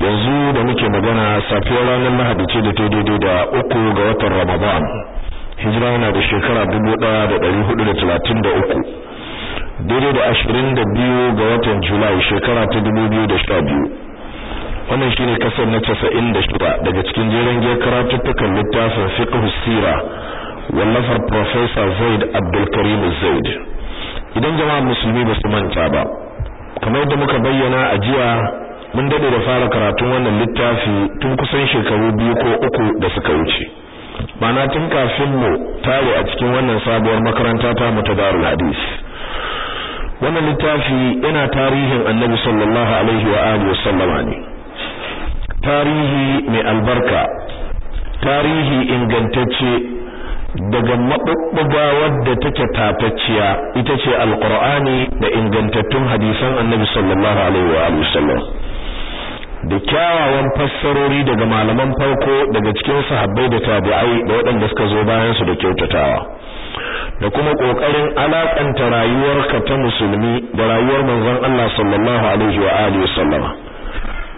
yanzu da muke magana safiyar ranar lahadi ce da ta daidai da uku ga watan ramadan hijira yana da shekara dubu ɗaya da dari hudu da talatin da uku daidai da ashirin da biyu ga watan julai shekara ta dubu biyu da sha biyu wannan shine kasar na casa'in da shida daga cikin jeren gyar karatuttukan littafin fiqhu sira wallafar professor zaid abdulkarim zaid idan jama'a musulmi ba su manta ba kamar da muka bayyana a jiya mun dade da fara karatun wannan littafi tun kusan shekaru biyu ko uku da suka wuce mana tun kafin mu tare a cikin wannan sabuwar makaranta ta mu ta Darul Hadis wannan littafi yana tarihin Annabi sallallahu alaihi wa alihi sallama ne tarihi mai albarka tarihi ingantacce daga maɓuɓɓuga wadda take tatacciya ita ce alqur'ani da ingantattun hadisan annabi sallallahu alaihi wa sallam da kyawawan fassarori daga malaman farko daga cikin sahabbai da tabi'ai da waɗanda suka zo bayan su da kyautatawa da kuma kokarin alakanta rayuwarka ta musulmi da rayuwar manzon Allah sallallahu alaihi wa alihi sallama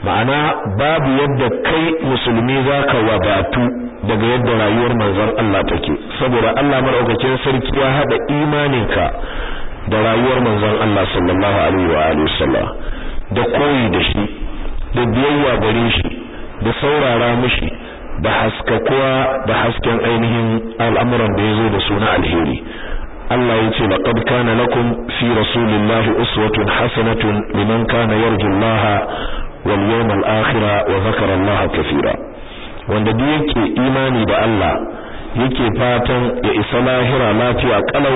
ma'ana babu yadda kai musulmi zaka wadatu daga yadda rayuwar manzon Allah take saboda Allah madaukakin sarki ya hada imaninka da rayuwar manzon Allah sallallahu alaihi wa alihi sallama da koyi da shi da biyayya gare shi da saurara mashi da haskakuwa da hasken ainihin al'amuran da ya zo da suna alheri Allah ya ce laqad kana lakum fi rasulillahi uswatun hasanatun liman kana yarju Allah wal yawmal akhir wa zakarallaha Allah kaseera wanda duk yake imani da Allah yake fatan ya isa lahira lafiya kalau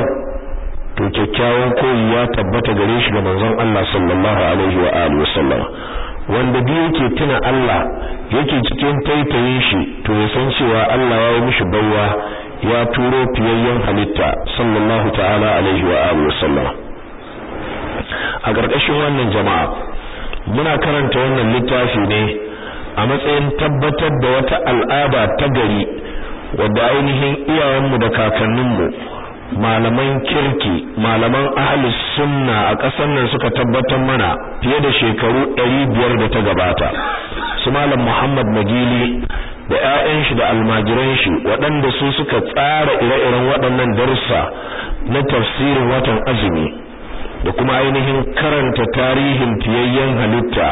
to kyakkyawan koyi ya tabbata gare shi da manzon Allah sallallahu alaihi wa alihi wa sallam wanda biyu yake tuna Allah yake cikin taitayin shi to ya san cewa Allah ya yi mishi bawwa ya turo fiyayyen halitta sallallahu ta'ala alaihi wa alihi wasallam a ƙarƙashin wannan jama'a muna karanta wannan littafi ne a matsayin tabbatar da wata al'ada ta gari wadda ainihin iyayenmu da kakanninmu malaman kirki malaman ahlus sunna a ƙasar nan suka tabbatar mana fiye da shekaru 500 da ta gabata su malam Muhammad Magili da ƴaƴan shi da almajiran shi waɗanda su suka tsara ire-iren waɗannan darussa na tafsirin watan azumi da kuma ainihin karanta tarihin fiyayyen halitta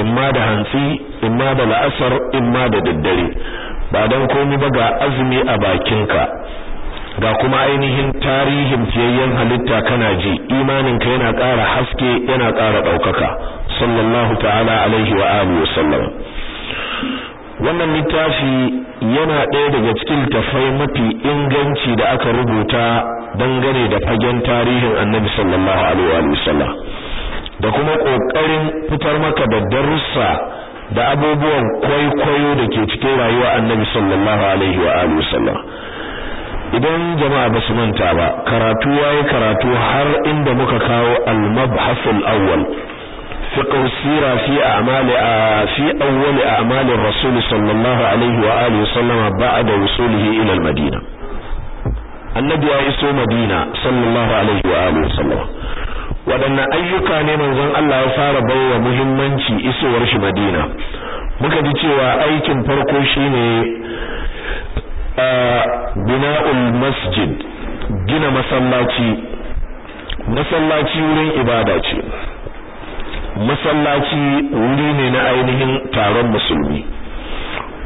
imma da hantsi imma da la'asar imma da daddare ba don komai ba ga azumi a bakinka ga kuma ainihin tarihin fiyayyen halitta kana ji imaninka yana ƙara haske yana ƙara ɗaukaka sallallahu ta'ala alaihi wa alihi wa sallam wannan littafi yana ɗaya daga cikin tafai mafi inganci da aka rubuta dangane da fagen tarihin annabi sallallahu alaihi wa sallam da kuma ƙoƙarin fitar maka da darussa da abubuwan kwaikwayo da ke cikin rayuwar annabi sallallahu alaihi wa sallam idan jama'a ba su manta ba karatu yayi karatu har inda muka kawo al-mabhas al-awwal fiqh sira fi a'mali fi awwal a'mali rasul sallallahu alaihi wa alihi wa sallama ba'da wusulihi ila al-madina annabi ya iso madina sallallahu alaihi wa alihi wa sallama wadanne ayyuka ne manzon Allah ya fara baiwa muhimmanci isowar shi madina muka ji cewa aikin farko shine bina'ul masjid gina masallaci masallaci wurin ibada ce masallaci wuri ne na ainihin taron musulmi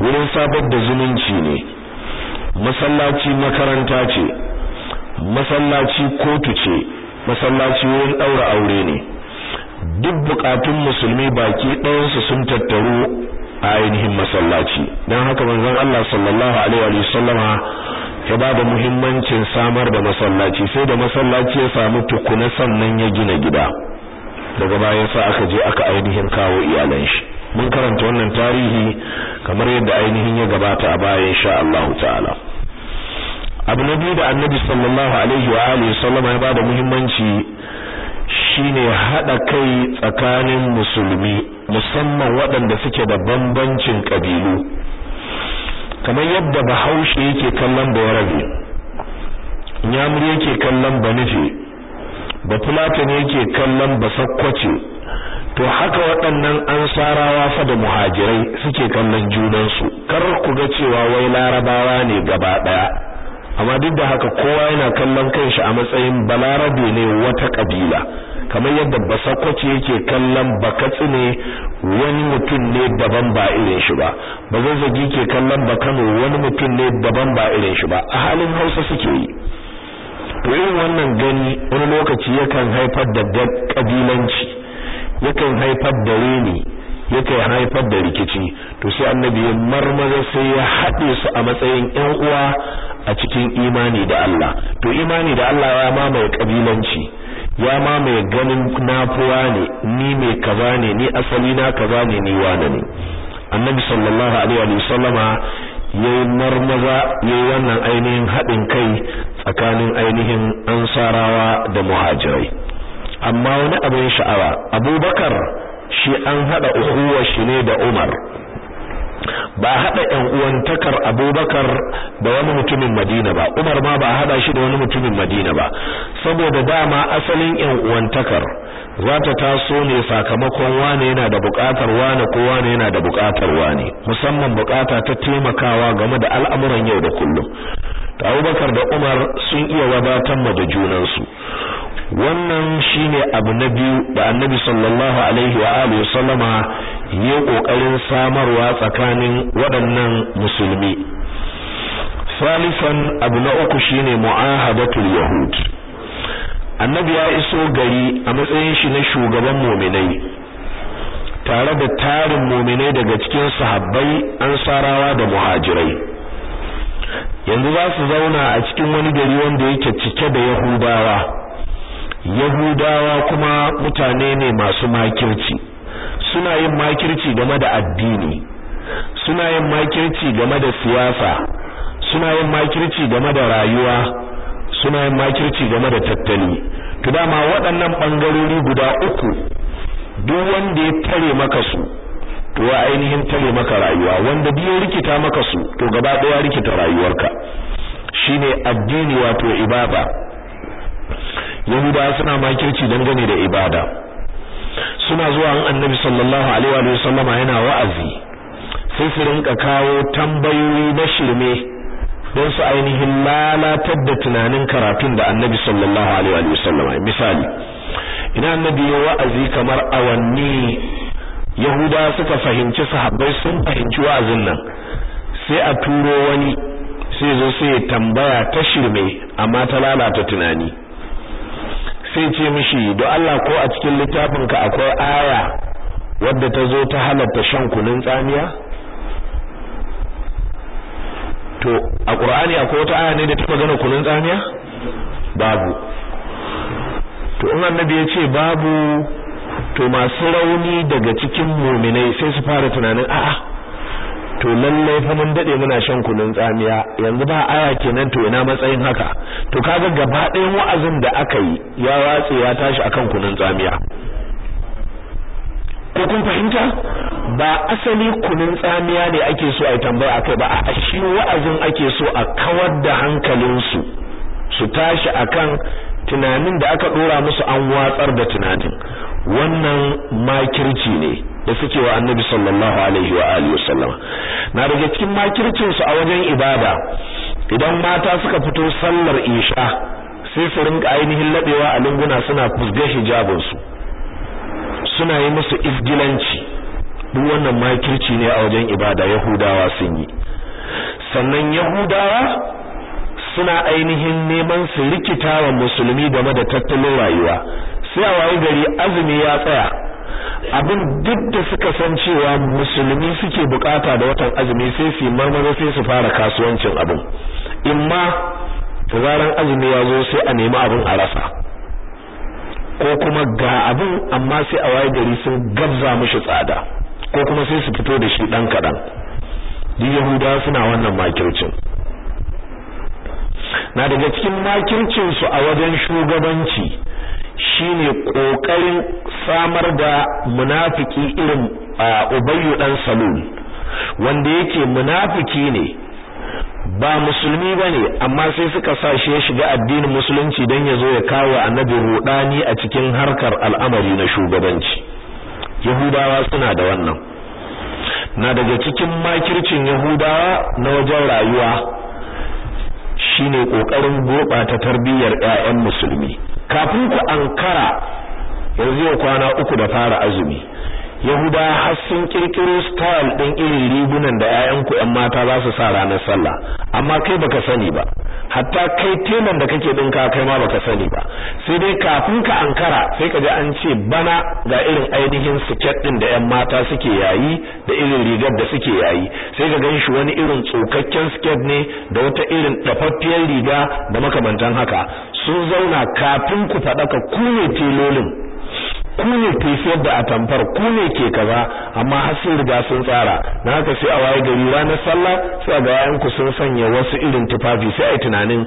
wurin sabar da zumunci ne masallaci makaranta ce masallaci kotu ce masallaci wurin daura aure ne duk bukatun musulmi baki ɗayansu sun tattaru a ainihin masallaci don haka manzon Allah sallallahu alaihi wa sallama ya ba da muhimmancin samar da masallaci sai da masallaci ya samu tukuna sannan ya gina gida daga baya sa aka je aka ainihin kawo iyalan shi mun karanta wannan tarihi kamar yadda ainihin ya gabata a baya insha Allah ta'ala abu na biyu da annabi sallallahu alaihi wa alihi sallama ya ba da muhimmanci shine hada kai tsakanin musulmi musamman waɗanda suke da bambancin ƙabilu kamar yadda bahaushe yake kallon bayarabe Nyamuri yake kallon banife bafulatan yake kallon basakkwace to haka waɗannan ansarawa fa da muhajirai suke kallon junansu kar ku ga cewa wai larabawa ne gaba ɗaya amma duk da haka kowa yana kallon kanshi a matsayin balarabe ne wata ƙabila kamar yadda basakwace yake kallon ne wani mutum ne daban ba irin shi ba zagi ke kallon bakano wani mutum ne daban ba irin shi ba a halin hausa suke yi to yin wannan gani wani lokaci yakan haifar da ƙabilanci yakan haifar da reni yakan haifar da rikici to sai annabi ya marmara sai ya haɗe su a matsayin ƴan uwa a cikin imani da Allah to imani da Allah ya mamaye ƙabilanci. ya ma mai ganin nafuwa ne ni mai kaza ne ni asali na kaza ne ni wane ne annabi sallallahu alaihi wa sallama yayi marmaza yayi wannan ainihin hadin kai tsakanin ainihin ansarawa da muhajirai amma wani abin sha'awa abubakar shi an hada uhuwa shi ne da umar ba haɗa yan uwantakar Abubakar da wani mutumin Madina ba Umar ma ba haɗa shi da wani mutumin Madina ba saboda dama asalin yan uwantakar za ta taso ne sakamakon wane yana da bukatar wane ko wane yana da bukatar wane musamman bukata ta taimakawa game da al'amuran yau da kullum Abubakar da Umar sun iya wadatar da junansu wannan shine abu na biyu da Annabi sallallahu alaihi wa alihi wasallama ya samarwa tsakanin tsakanin waɗannan musulmi salisan abu na uku shine mu'ahadatul yahud annabi ya iso gari a matsayin shi na shugaban mu'minai tare da tarin mu'minai daga cikin sahabbai ansarawa da muhajirai yanzu za su zauna a cikin wani gari wanda yake cike da yahudawa yahudawa kuma mutane ne masu makirci suna yin makirci game da addini suna yin makirci game da siyasa suna yin makirci game da rayuwa suna yin makirci game da tattali to dama waɗannan bangarori guda uku duk wanda ya tare maka su to ya ainihin tare maka rayuwa wanda biyo rikita maka su to gaba daya rikita rayuwarka shine addini wato ibada yahuda suna makirci dangane da ibada suna zuwa an annabi sallallahu alaihi wa sallama yana wa'azi sai su rinka kawo tambayoyi na shirme don su ainihin lalatar da tunanin karatun da annabi sallallahu alaihi wasallam misali ina annabi ya wa'azi kamar awanni yahuda suka fahimci sahabbai sun fahimci wa'azin nan sai a turo wani sai zo sai tambaya ta shirme amma ta lalata tunani sai ce mishi do Allah ko a cikin littafinka akwai aya wadda ta zo ta halatta shan kunun tsamiya to a qur'ani akwai wata aya ne da ta magana kunun tsamiya babu to in annabi ya ce babu to masu rauni daga cikin muminai sai su fara tunanin a'a to lalle fa mun dade muna shan kunun tsamiya yanzu ba aya kenan to ina matsayin haka to kaga gaba ɗayan wa'azin da aka yi ya watse ya tashi akan kunun tsamiya ko kun fahimta ba asali kunun tsamiya ne ake so a yi tambaya akai ba a shi wa'azin ake so a kawar da hankalinsu su tashi akan tunanin da aka dora musu an watsar da tunanin wannan makirci ne da suke wa annabi sallallahu alaihi wa alihi wasallama na daga cikin makircin su a wajen ibada idan mata suka fito sallar isha sai su rinka ainihin labewa a lunguna suna fusga hijabin suna yi musu isgilanci. duk wannan makirci ne a wajen ibada yahudawa sun yi sannan yahudawa suna ainihin neman su rikita wa musulmi game da tattalin rayuwa sai a waye gari azumi ya tsaya abin duk da suka san cewa musulmi suke bukata da watan azumi sai su marmara sai su fara kasuwancin abin imma tazaran azumi ya zo sai a nemi abin a rasa ko kuma ga abin amma sai a waye gari sun gabza mushi tsada ko kuma sai su fito da shi dan kadan duk yahuda suna wannan makircin na daga cikin makircin su a wajen shugabanci shine kokarin samar da munafiki irin ubayyu dan salul wanda yake munafiki ne ba musulmi bane amma sai suka sa shi ya shiga addinin musulunci dan ya zo ya kawo annabi rudani a cikin harkar al'amari na shugabanci yahudawa suna da wannan na daga cikin makircin yahudawa na wajen rayuwa shine kokarin ta tarbiyyar ƴaƴan musulmi kafin ku ankara yanzu yau kwana uku da fara azumi yahuda har sun kirkiro style din irin rigunan da ƴaƴan ku ƴan mata za su sa ranar sallah amma kai baka sani ba hatta kai telan da kake dinka kai ma baka sani ba sai dai kafin ka ankara sai ka ji an ce bana ga irin ainihin siket din da ƴan mata suke yayi da irin rigar da suke yayi sai ka ganshi wani irin tsokakken siket ne da wata irin dafaffiyar riga da makamantan haka sun zauna kafin ku faɗa ka ne telolin ku ne ke siyar da atamfar ku ne ke kaza amma har sun riga sun tsara na haka sai a waye gari ranar sallah sai a ga yayan ku sun sanya wasu irin tufafi sai a tunanin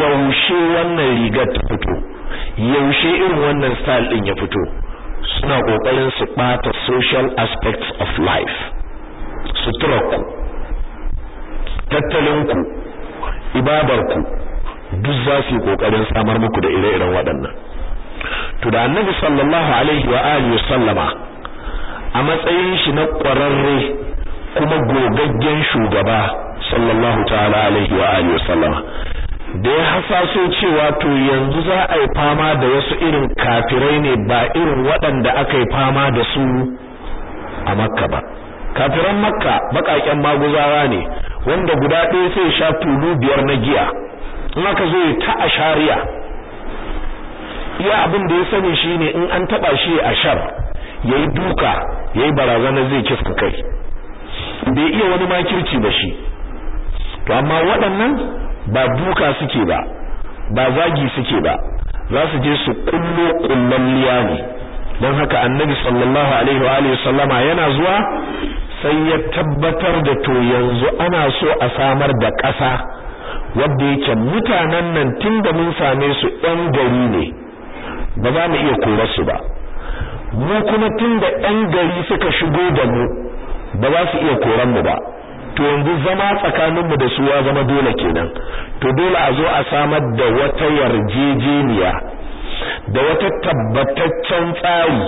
yaushe wannan rigar ta fito yaushe irin wannan style din ya fito suna kokarin su bata social aspects of life tattalin ku ibadar ku duk za su yi kokarin samar muku da ire-iren waɗannan to da annabi sallallahu alaihi wa alihi sallama a matsayin shi na kwararre kuma gogaggen shugaba sallallahu ta'ala alaihi wa alihi sallama da ya hasaso cewa to yanzu za a yi fama da wasu irin kafirai ne ba irin waɗanda aka yi fama da su a makka ba kafiran makka baƙaƙen maguzawa ne wanda guda ɗaya sai sha tulu biyar na giya in aka zo ta ashariya iya abin da ya sani shi ne in an taba shi a shar yi duka ya yi barazana zai kifka kai bai iya wani makirci ba shi to amma waɗannan ba duka suke ba ba zagi suke ba za su je su kullo kullon liya ne don haka annabi sallallahu alaihi wa alihi sallama yana zuwa sai ya tabbatar da to yanzu ana so a samar da ƙasa wadda yake mutanen nan tun da mun same su ɗan gari ne ba za mu iya su ba mu kuma tun da ɗan gari suka shigo da mu ba za su iya koran mu ba to yanzu zama tsakaninmu da su zama dole kenan to dole a zo a samar da wata yarjejeniya da wata tabbataccen tsari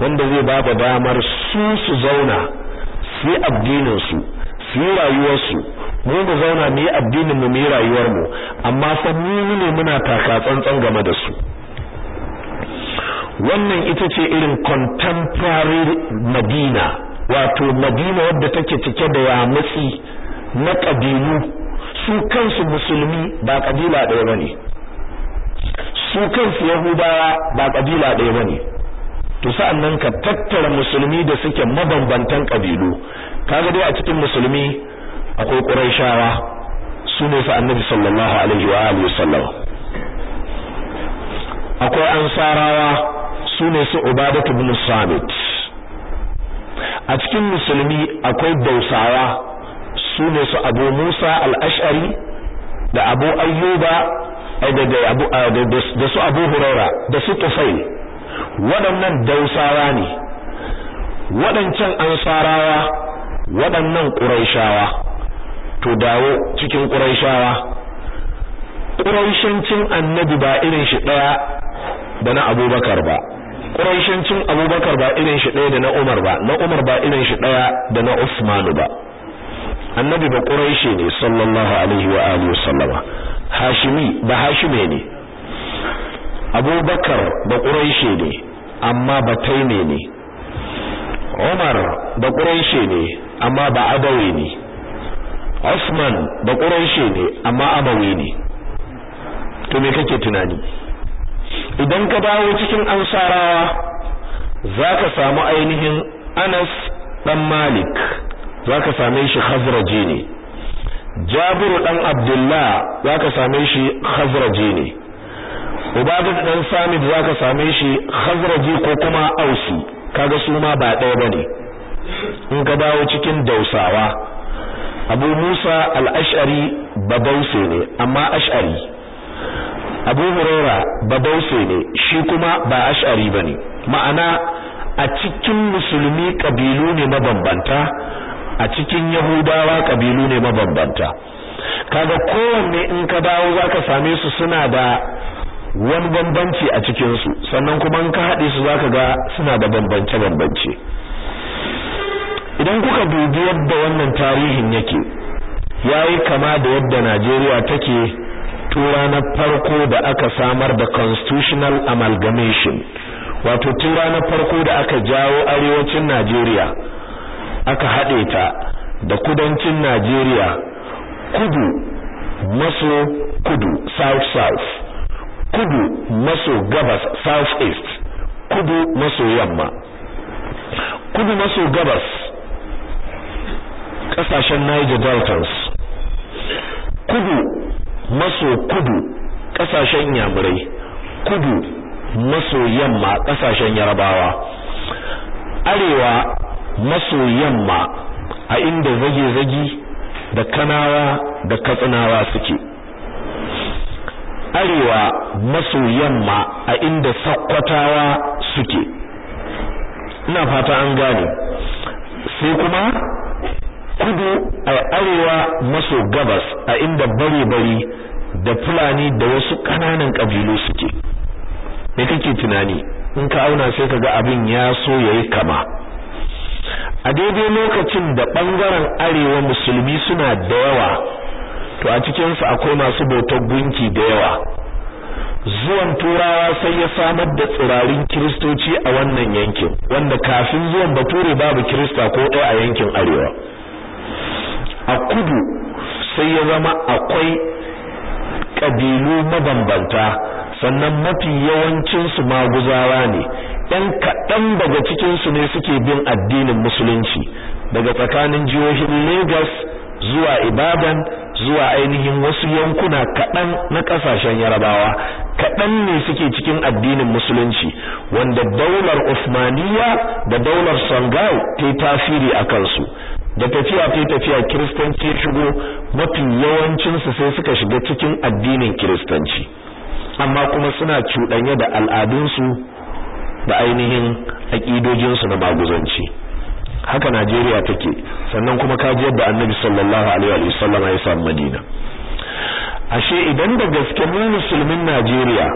wanda zai ba damar su su zauna su yi addininsu su yi rayuwarsu mu mu zauna mu yi addininmu mu yi rayuwarmu amma fa mu ne muna taka tsantsan game da su wannan ita ce irin contemporary madina wato madina wadda take cike da yamutsi na ƙabilu su kansu musulmi ba ƙabila ɗaya ba ne su kansu yahudawa ba ƙabila ɗaya ba ne to sa'an nan ka tattara musulmi da suke mabambantan ƙabilu kaga dai a cikin musulmi akwai ƙuraishawa su ne su annabi sallallahu alaihi wa alihi akwai ansarawa su ne su ubadatu bin samit a cikin musulmi akwai dausawa su ne su abu musa al-ash'ari da abu ayyuba ah, da su abu huraira da su tufai waɗannan dausawa ne waɗancan ansarawa waɗannan ƙuraishawa to dawo cikin ƙuraishawa ƙuraishancin annabi ba irin shi ɗaya da na abubakar ba ƙuraishancin abubakar ba irin shi ɗaya da na umar ba na umar ba irin shi ɗaya da na usmanu ba annabi ba ƙuraishe ne sallallahu alaihi wa alihi wa sallama hashimi ba hashime ne abubakar ba ƙuraishe ne amma ba taime ne umar ba ƙuraishe ne amma ba adawi ne usman ba ƙuraishe ne amma abawi ne to me kake tunani idan ka dawo cikin ansarawa ka samu ainihin Anas dan Malik za ka same shi Khazraji ne Jabiru dan Abdullah ka same shi Khazraji ne Ubadat dan za ka same shi Khazraji ko kuma Ausi kaga su ma ba ɗaya bane in ka dawo cikin Dausawa Abu Musa al-Ash'ari babausa ne amma Ash'ari abu huraira babaushe ne shi kuma ba ash'ari bane ma'ana a cikin musulmi kabilu ne mabambanta a cikin yahudawa kabilu ne mabambanta kaga kowanne in ka dawo zaka same su suna da wani bambanci a cikin su sannan kuma in ka haɗe su zaka ga suna da bambance bambance idan kuka dubi yadda wannan tarihin yake yayi kama da yadda Najeriya take tun ranar farko da aka samar da constitutional amalgamation wato tun ranar farko da aka jawo arewacin Najeriya aka haɗe ta da kudancin Najeriya kudu maso kudu south south kudu maso gabas south east kudu maso yamma kudu maso gabas ƙasashen Niger Deltas kudu maso kudu ƙasashen yamurai kudu maso yamma ƙasashen yarabawa arewa maso yamma a inda zage-zage da kanawa da katsinawa suke arewa maso yamma a inda sakwatawa suke ina fata an gane sai kuma kudu a arewa maso gabas a inda bare-bare da fulani da wasu kananan kabilu suke me kake tunani in ka auna sai ka ga abin ya so yayi kama a daidai lokacin da bangaren arewa musulmi suna da yawa to a cikinsu su akwai masu bautar gunki da yawa zuwan turawa sai ya samar da tsirarin kiristoci a wannan yankin wanda kafin zuwan bature babu kirista ko ɗaya a yankin arewa a kudu sai ya zama akwai ƙabilu mabambanta sannan mafi yawancinsu maguzawa ne ɗan kaɗan daga cikinsu ne suke bin addinin musulunci daga tsakanin jihohin Legas zuwa Ibadan zuwa ainihin wasu yankuna kaɗan na ƙasashen Yarabawa kaɗan ne suke cikin addinin musulunci wanda daular Usmaniya da daular Sangau ta yi tasiri a kansu da tafiya ta tafiya kiristanci shigo mafi yawancinsu sai suka shiga cikin addinin kiristanci amma kuma suna cuɗanya da al'adunsu da ainihin aƙidojinsu na maguzanci haka Najeriya take sannan kuma kaji yadda annabi sallallahu alaihi wa sallam ya samu Madina ashe idan da gaske mu musulmin Najeriya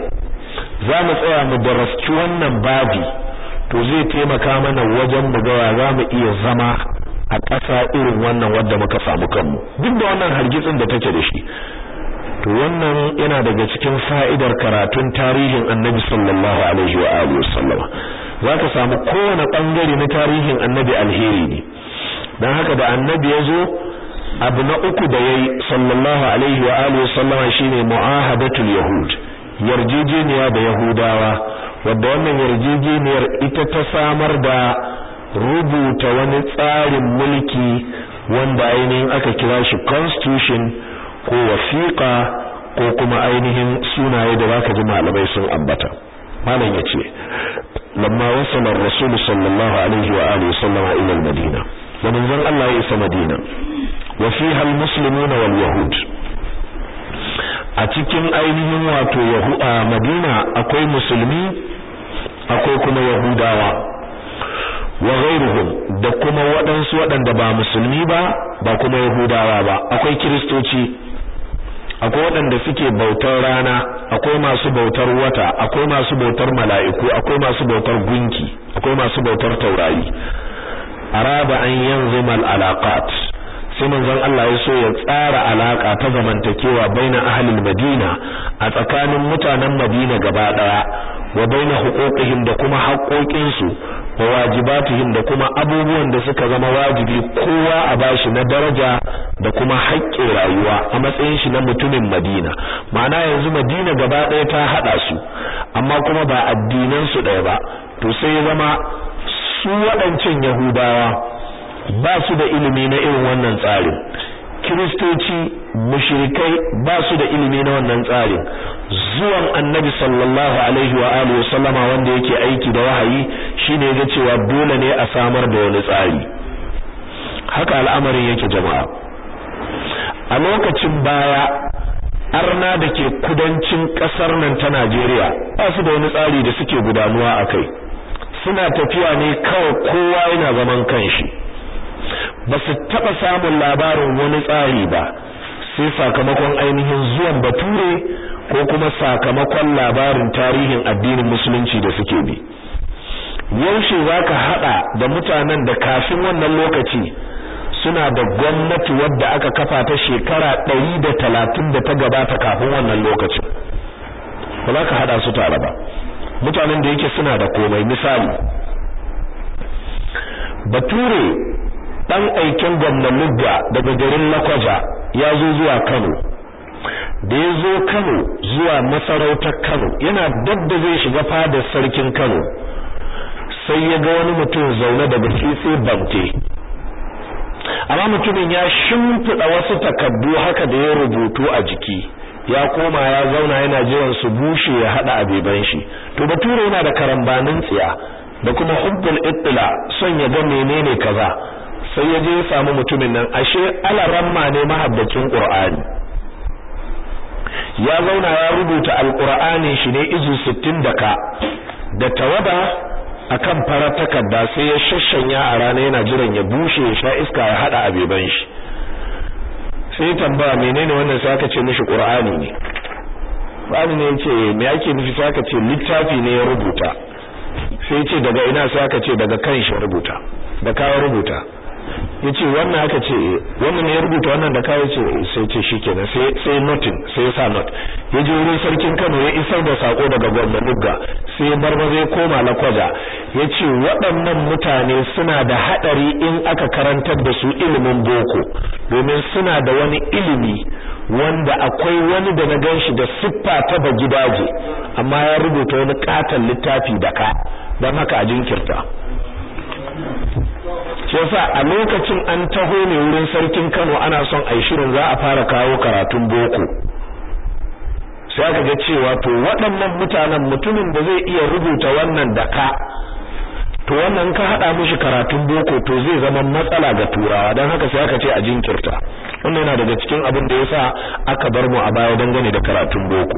za mu tsaya mu darasci wannan babi to zai taimaka mana wajen mu ga za mu iya zama a ƙasa irin wannan wadda muka samu kanmu duk da wannan hargitsin da take da shi to wannan yana daga cikin fa'idar karatun tarihin annabi sallallahu alaihi wa alihi wasallama zaka samu kowane bangare na tarihin annabi alheri ne dan haka da annabi yazo abu na uku da yayi sallallahu alaihi wa alihi wasallama shine muahadatul yahud yarjejeniya da yahudawa wanda wannan yarjejeniyar ita ta samar da rubuta wani tsarin mulki wanda ainihin aka kira shi constitution ko wasiƙa ko kuma ainihin sunaye da zaka ji malamai sun ambata malam yace lamma wasala rasul sallallahu alaihi wa alihi sallama ila madina da manzon Allah ya isa madina wa fiha al-muslimuna wal yahud a cikin ainihin wato yahu'a madina akwai musulmi akwai kuma yahudawa wa ghairuhum da kuma waɗansu waɗanda ba musulmi ba ba kuma yahudawa ba akwai kiristoci akwai waɗanda suke bautar rana akwai masu bautar wata akwai masu bautar mala'iku akwai masu bautar gunki akwai masu bautar taurari araba an yanzu mal alaqat sai manzon Allah ya so ya tsara alaka ta zamantakewa baina ahlul madina a tsakanin mutanen madina gaba daya wa baina huquqihim da kuma haƙoƙinsu wa wajibatihim da kuma abubuwan da suka zama wajibi kowa a bashi na daraja da kuma haƙƙin rayuwa a matsayin shi na mutumin Madina ma'ana yanzu Madina gaba ɗaya ta hada su amma kuma ba addinan su ɗaya ba to sai zama su waɗancan Yahudawa ba su da ilimi na irin wannan tsarin kiristoci mushrikai ba su da ilimi na wannan tsarin zuwan annabi sallallahu alaihi wa alihi sallama wanda yake aiki da wahayi shine ga cewa dole ne a samar da wani tsari haka al'amarin yake jama'a a lokacin baya arna da ke kudancin kasar nan ta Najeriya ba su da wani tsari da suke gudanuwa akai suna tafiya ne kawai kowa yana zaman kanshi ba su taɓa samun labarin wani tsari ba sai sakamakon ainihin zuwan bature ko kuma sakamakon labarin tarihin addinin musulunci da suke bi yaushe za ka haɗa da mutanen da kafin wannan lokaci suna da gwamnati wadda aka kafa ta shekara ɗari da talatin da ta gabata kafin wannan lokacin ba za ka haɗa su tare ba mutanen da yake suna da komai misali bature dan aikin lugga daga garin Lakwaja ya zo zuwa Kano da ya zo Kano zuwa masarautar Kano yana dabda zai shiga fadar sarkin Kano sai ya ga wani mutum zaune da sai bamte amma mutumin ya shimfiɗa wasu takaddu haka da ya rubutu a jiki ya koma ya zauna yana jiran su bushe ya hada abeban shi to bature yana da karambanin tsiya da kuma hubbul ittila son ya ga menene kaza sai ya je ya samu mutumin nan ashe alaramma ne mahabbacin qur'ani ya zauna ya rubuta alqur'ani shi ne izu 60 da ka da tawada akan farar takarda sai ya shashanya a rana yana jiran ya bushe ya sha iska ya hada abeban shi sai tambaya menene wannan sai aka ce mishi qur'ani ne wani ne yace me ake nufi sai aka ce littafi ne ya rubuta sai ce daga ina sai aka ce daga kan shi rubuta da kawo rubuta ya ce wannan aka ce wannan ya rubuta wannan da kawai ce sai ce shi kenan sai notin sai ya sa not ya ji wurin sarkin kano ya isar da sako daga gwamnan dugga sai barba zai koma lakwaja ya ce waɗannan mutane suna da haɗari in aka karantar da su ilimin boko domin suna da wani ilimi wanda akwai wani da na gan shi da siffa ta ba gidaje amma ya rubuta wani katon littafi da ka don haka a jinkirta shi yasa a lokacin an taho ne wurin sarkin Kano ana son a yi shirin za a fara kawo karatun boko sai aka ga cewa to waɗannan mutanen mutumin da zai iya rubuta wannan da ka to wannan ka haɗa mishi karatun boko to zai zama matsala ga turawa don haka sai aka ce a jinkirta wannan yana daga cikin abin da ya sa aka bar mu a baya dangane da karatun boko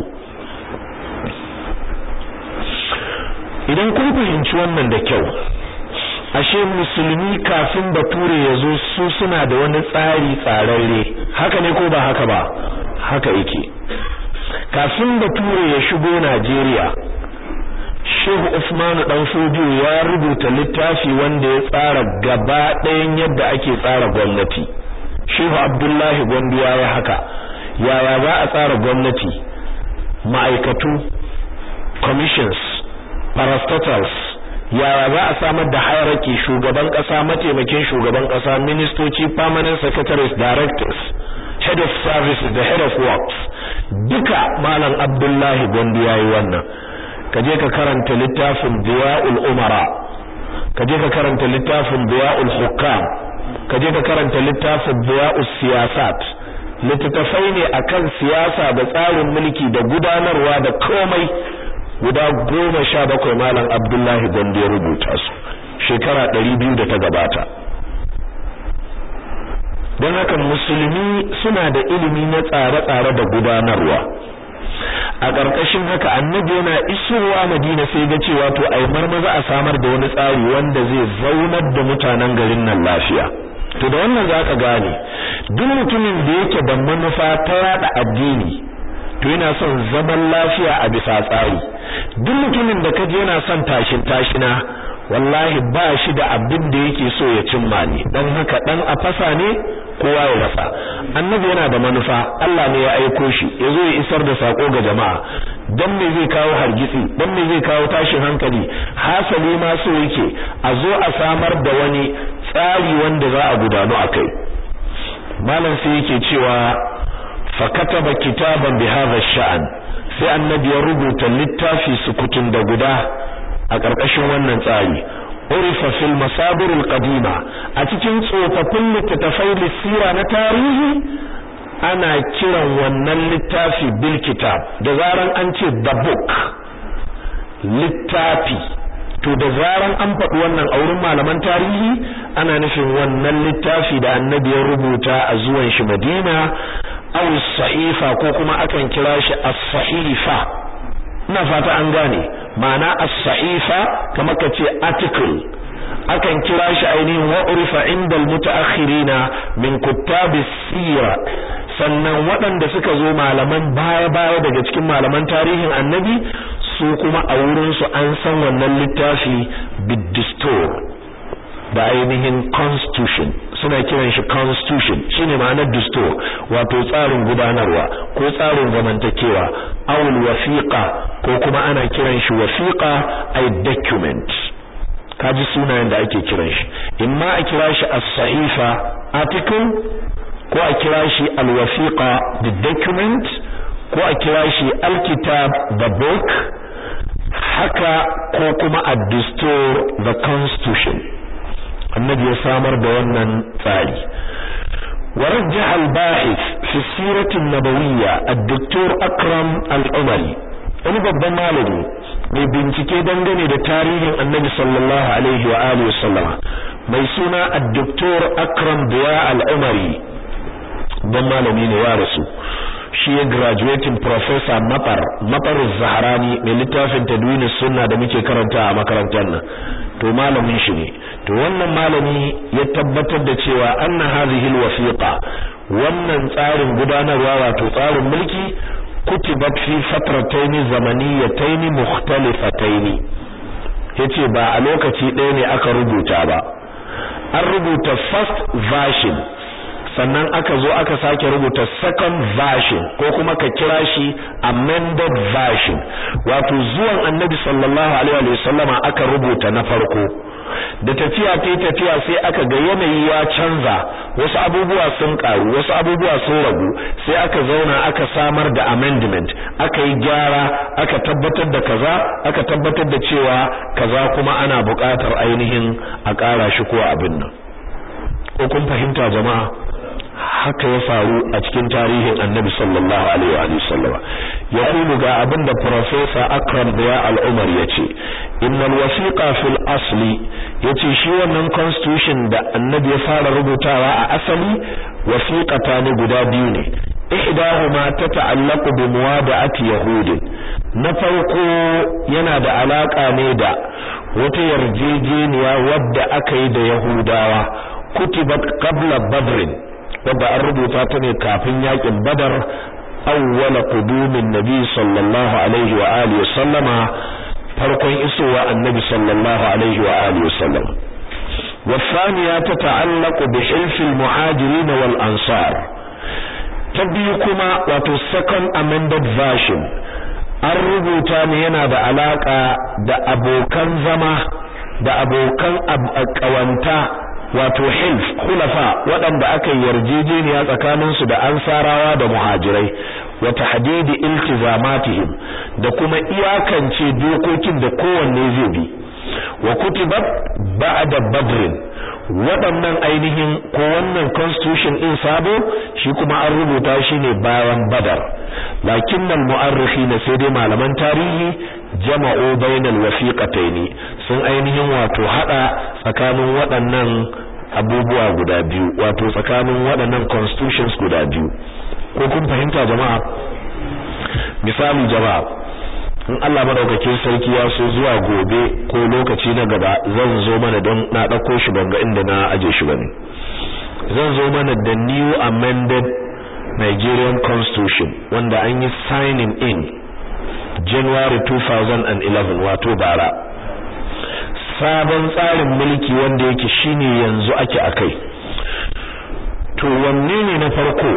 idan kun fahimci wannan da kyau ashe musulmi kafin bature ya zo su suna da wani tsari tsararre haka ne ko ba haka ba haka yake kafin bature ya shigo Najeriya Shehu Usman dan Sojo ya rubuta littafi wanda ya tsara gaba ɗayan yadda ake tsara gwamnati Shehu Abdullahi Gombe ya haka yaya za a tsara gwamnati ma'aikatu commissions parastatals Yawa za a samar da hierarchy shugaban kasa mataimakin shugaban kasa ministoci permanent secretaries directors head of services da head of works duka malam abdullahi ya yi wannan je ka karanta littafin diyaul umara kaje ka karanta littafin diyaul hukam kaje ka karanta littafin diyaul siyasat littattafai ne akan siyasa da tsarin mulki da gudanarwa da komai guda goma sha bakwai malam abdullahi gwando ya rubuta su shekara ɗari biyu da ta gabata don haka musulmi suna da ilimi na tsare-tsare da gudanarwa a ƙarƙashin haka annabi yana isowa madina sai ga cewa to a ai maza a samar da wani tsari wanda zai zaunar da mutanen garin nan lafiya to da wannan za ka gane duk mutumin da yake da manufa ta yada addini to yana son zaman lafiya a bisa tsari duk mutumin da kaje yana son tashin tashina wallahi ba shi da abin da yake so ya cimma ne dan haka dan a fasa ne kowa ya rasa annabi yana da manufa Allah ne ya aiko shi ya zo ya isar da sako ga jama'a dan me zai kawo hargitsi dan me zai kawo tashin hankali hasali ma so yake a zo a samar da wani tsari wanda za a gudanu kai. malam sai yake cewa fa kataba kitaban bi hadha sha'an sai annabi ya rubuta littafi sukutun da guda a ƙarƙashin wannan tsari urfa fil masabir alqadima a cikin tsofaffin littattafai lissira na tarihi ana kiran wannan littafi bil kitab da zaran an ce the book littafi to da zaran an faɗi wannan a wurin malaman tarihi ana nufin wannan littafi da annabi ya rubuta a zuwan shi Madina awu sa'ifa ko kuma akan kira shi as-sahifa ina fata an gane ma'ana as-sahifa kamar kace article akan kira shi ainihin wa'urifa inda mutaakhirina min as sira sannan waɗanda suka zo malaman baya-baya daga cikin malaman tarihin annabi su kuma a wurinsu an san wannan littafi bid-dustur da ainihin constitution suna kiran shi constitution shine ma'anar disto wato tsarin gudanarwa ko tsarin zamantakewa awul wasiqa ko kuma ana kiran shi wasiqa ai document kaji sunayen da ake kiran shi ma a kira shi as-sahifa article ko a kira shi al-wasiqa the document ko a kira shi al-kitab the book haka ko kuma ad-dastur the constitution annabi ya samar da wannan tsari ورجح الباحث في السيرة النبوية akram أكرم العمري wani babban malami mai bincike dangane da tarihin annabi sallallahu alaihi wa alihi wasallam mai suna ad-doktor Akram Buya al-Umari babban malami ne ya rasu shi ya graduating professor mafar matar zaharani mai littafin tadwin sunna da muke karanta a makarantar nan to malamin shi ne to wannan malami ya tabbatar da cewa anna hadhihi alwasiqa wannan tsarin gudanarwa wato tsarin mulki kutibat fi fatratayn zamaniyatayn mukhtalifatayn yace ba a lokaci ɗaya ne aka rubuta ba an rubuta first version sannan aka zo aka sake rubuta second version ko kuma ka kira shi amended version wato zuwan annabi sallallahu alaihi wa sallama aka rubuta na farko da tafiya ta tafiya sai aka ga yanayi ya canza wasu abubuwa sun karu wasu abubuwa sun ragu sai aka zauna aka samar da amendment aka yi gyara aka tabbatar da kaza aka tabbatar da cewa kaza kuma ana buƙatar ainihin a ƙara shi ko abin nan ko kun fahimta jama'a haka ya faru a cikin tarihin annabi sallallahu alaihi wa sallama ya kuma ga abin da professor akram biya al'umar ya ce innal wasiqa fil asli ya ce shi wannan constitution da annabi ya fara rubutawa a asali wasiƙata ne guda biyu ne ihdahuma tata'allaqu bi muwada'ati yahudin na farko yana da alaka ne da wata yarjejeniya wadda aka yi da yahudawa kutibat qabla badrin wadda an rubuta ta ne kafin yakin badar awwala qudumin nabi sallallahu alaihi wa alihi wa sallama farkon isowa annabi sallallahu alaihi wa alihi wa sallam والثانية تتعلق ta biyu kuma wato second amended version an rubuta ne yana da alaka da abokan zama da abokan ƙawanta wato hilf khulafa waɗanda aka yarjejeniya tsakaninsu da ansarawa da muhajirai wa tahdidi iltizamatihim da kuma iyakance dokokin da kowanne zai bi wa ba'a ba'da badrin waɗannan ainihin ko wannan constitution ɗin sabo shi kuma an rubuta shi ne bayan badar lakin mu'arrafi na sai dai malaman tarihi jama'u bainal wasiqataini sun ainihin wato hada tsakanin waɗannan abubuwa guda biyu wato tsakanin waɗannan constitutions guda biyu ko kun fahimta jama'a misali jama'a in Allah madaukakin sarki ya so zuwa gobe ko lokaci na gaba zan zo mana don na ɗauko shi banga inda na aje shi bane zan zo mana da new amended Nigerian constitution wanda an yi signing in January 2011 wato bara sabon tsarin mulki wanda yake shine yanzu ake akai to wanne ne na farko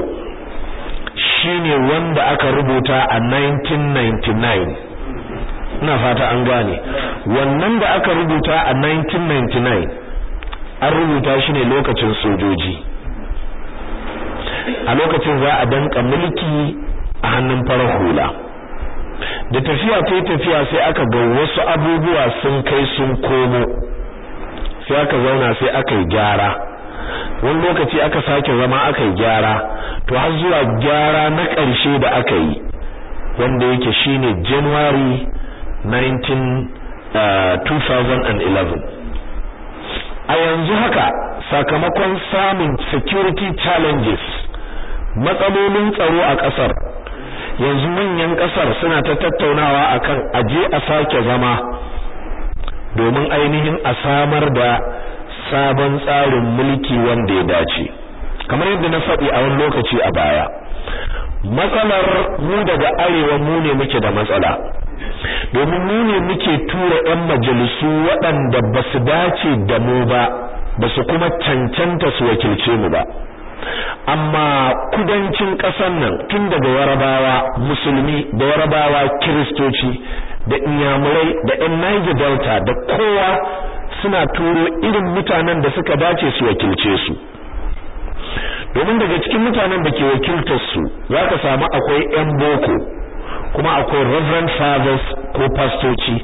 shine wanda aka rubuta a 1999 ina fata an gane wannan da aka rubuta a 1999 an rubuta shi ne lokacin sojoji a lokacin za a danka mulki a hannun farar hula da tafiya ta tafiya sai aka ga wasu abubuwa sun kai sun komo sai aka zauna sai aka yi gyara wani lokaci aka sake zama aka yi gyara to har zuwa gyara na ƙarshe da aka yi wanda yake shine January 19 2011 eh, a yanzu haka sakamakon samun security challenges matsalolin tsaro a ƙasar yanzu manyan kasar suna ta tattaunawa akan aje a sake zama domin ainihin a samar da sabon tsarin mulki wanda ya dace kamar yadda na faɗi a wani lokaci a baya matsalar mu daga arewa mu ne muke da matsala domin mu ne muke tura 'yan majalisu waɗanda ba su dace da mu ba ba su kuma cancanta su wakilce mu ba amma kudancin ƙasar nan tun daga yarabawa musulmi da yarabawa kiristoci da inyamurai da yan niger delta da kowa suna turo irin mutanen da suka dace su wakilce su domin daga cikin mutanen da ke wakiltar su za ka samu akwai yan boko kuma akwai reverend fathers ko pastoci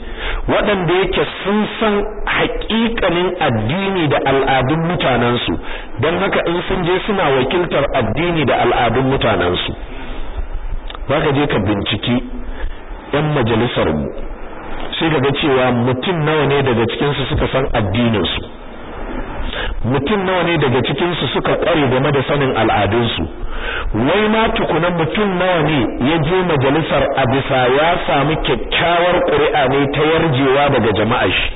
waɗanda yake sun san haƙiƙanin addini da al'adun mutanensu don haka in sun je suna wakiltar addini da al'adun mutanensu Ba ka je ka binciki 'yan majalisarmu sai ka ga cewa mutum nawa ne daga cikinsu suka san addininsu mutum nawa ne daga cikin su suka kware game da sanin al'adun su wai ma tukuna mutum nawa ne ya je majalisar a bisa ya samu kyakkyawar ƙuri'a ne ta yarjewa daga jama'a shi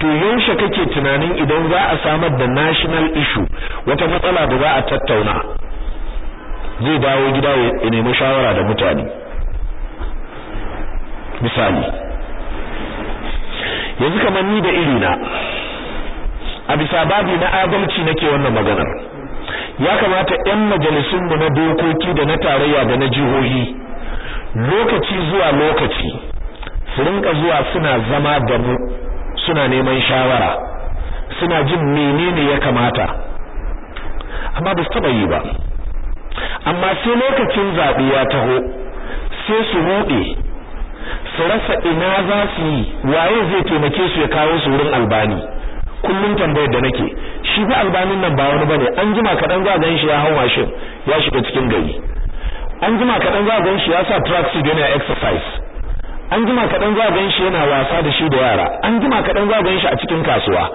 to yaushe kake tunanin idan za a samar da national issue wata matsala da za a tattauna zai dawo gida ya nemi shawara da mutane misali yanzu kamar ni da irina a bisa babi na adalci nake wannan maganar ya kamata ɗan majalisunmu na dokoki da na tarayya da na jihohi lokaci zuwa lokaci su rinka zuwa suna zama da mu suna neman shawara suna jin menene ya kamata amma ba su taba yi ba amma sai lokacin zaɓe ya taho sai su ruɗe su rasa ina za su yi waye zai taimake su ya kawo su wurin albani kullum tambayar da nake shi fa albanin nan ba wani bane an jima kadan za gan shi ya hawa shi ya shiga cikin gari an jima kadan za gan shi ya sa suit yana exercise an jima kadan za gan shi yana wasa da shi da yara an jima kadan za gan shi a cikin kasuwa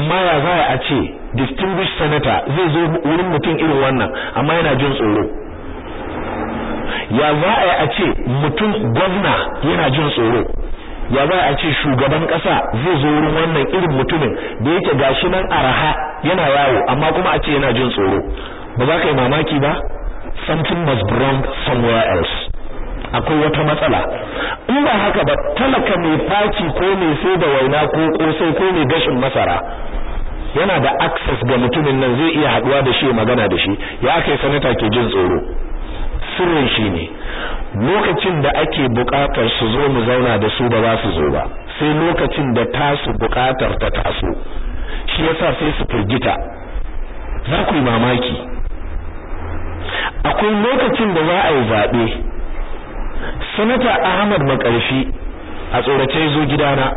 amma ya za a ce distinguished senator zai zo wurin mutum irin wannan amma yana jin tsoro ya za a ce mutum gwamna yana jin tsoro ya za a ce shugaban kasa zai zo wurin wannan irin mutumin da yake gashi nan araha yana yawo amma kuma a ce yana jin tsoro ba za ka yi mamaki ba something must be wrong somewhere else akwai wata matsala in ba haka ba talaka mai faci ko mai sai da waina ko kosai ko mai gashin masara yana da access ga mutumin nan zai iya haduwa da shi magana da shi ya kai sanata ke jin tsoro sirrin shi ne lokacin da ake buƙatar su zo mu zauna da su ba za su zo ba sai lokacin da tasu buƙatar ta taso shi yasa sai su firgita za ku yi mamaki akwai lokacin da za a yi zaɓe sanata ahmad makarfi a tsorace zo gidana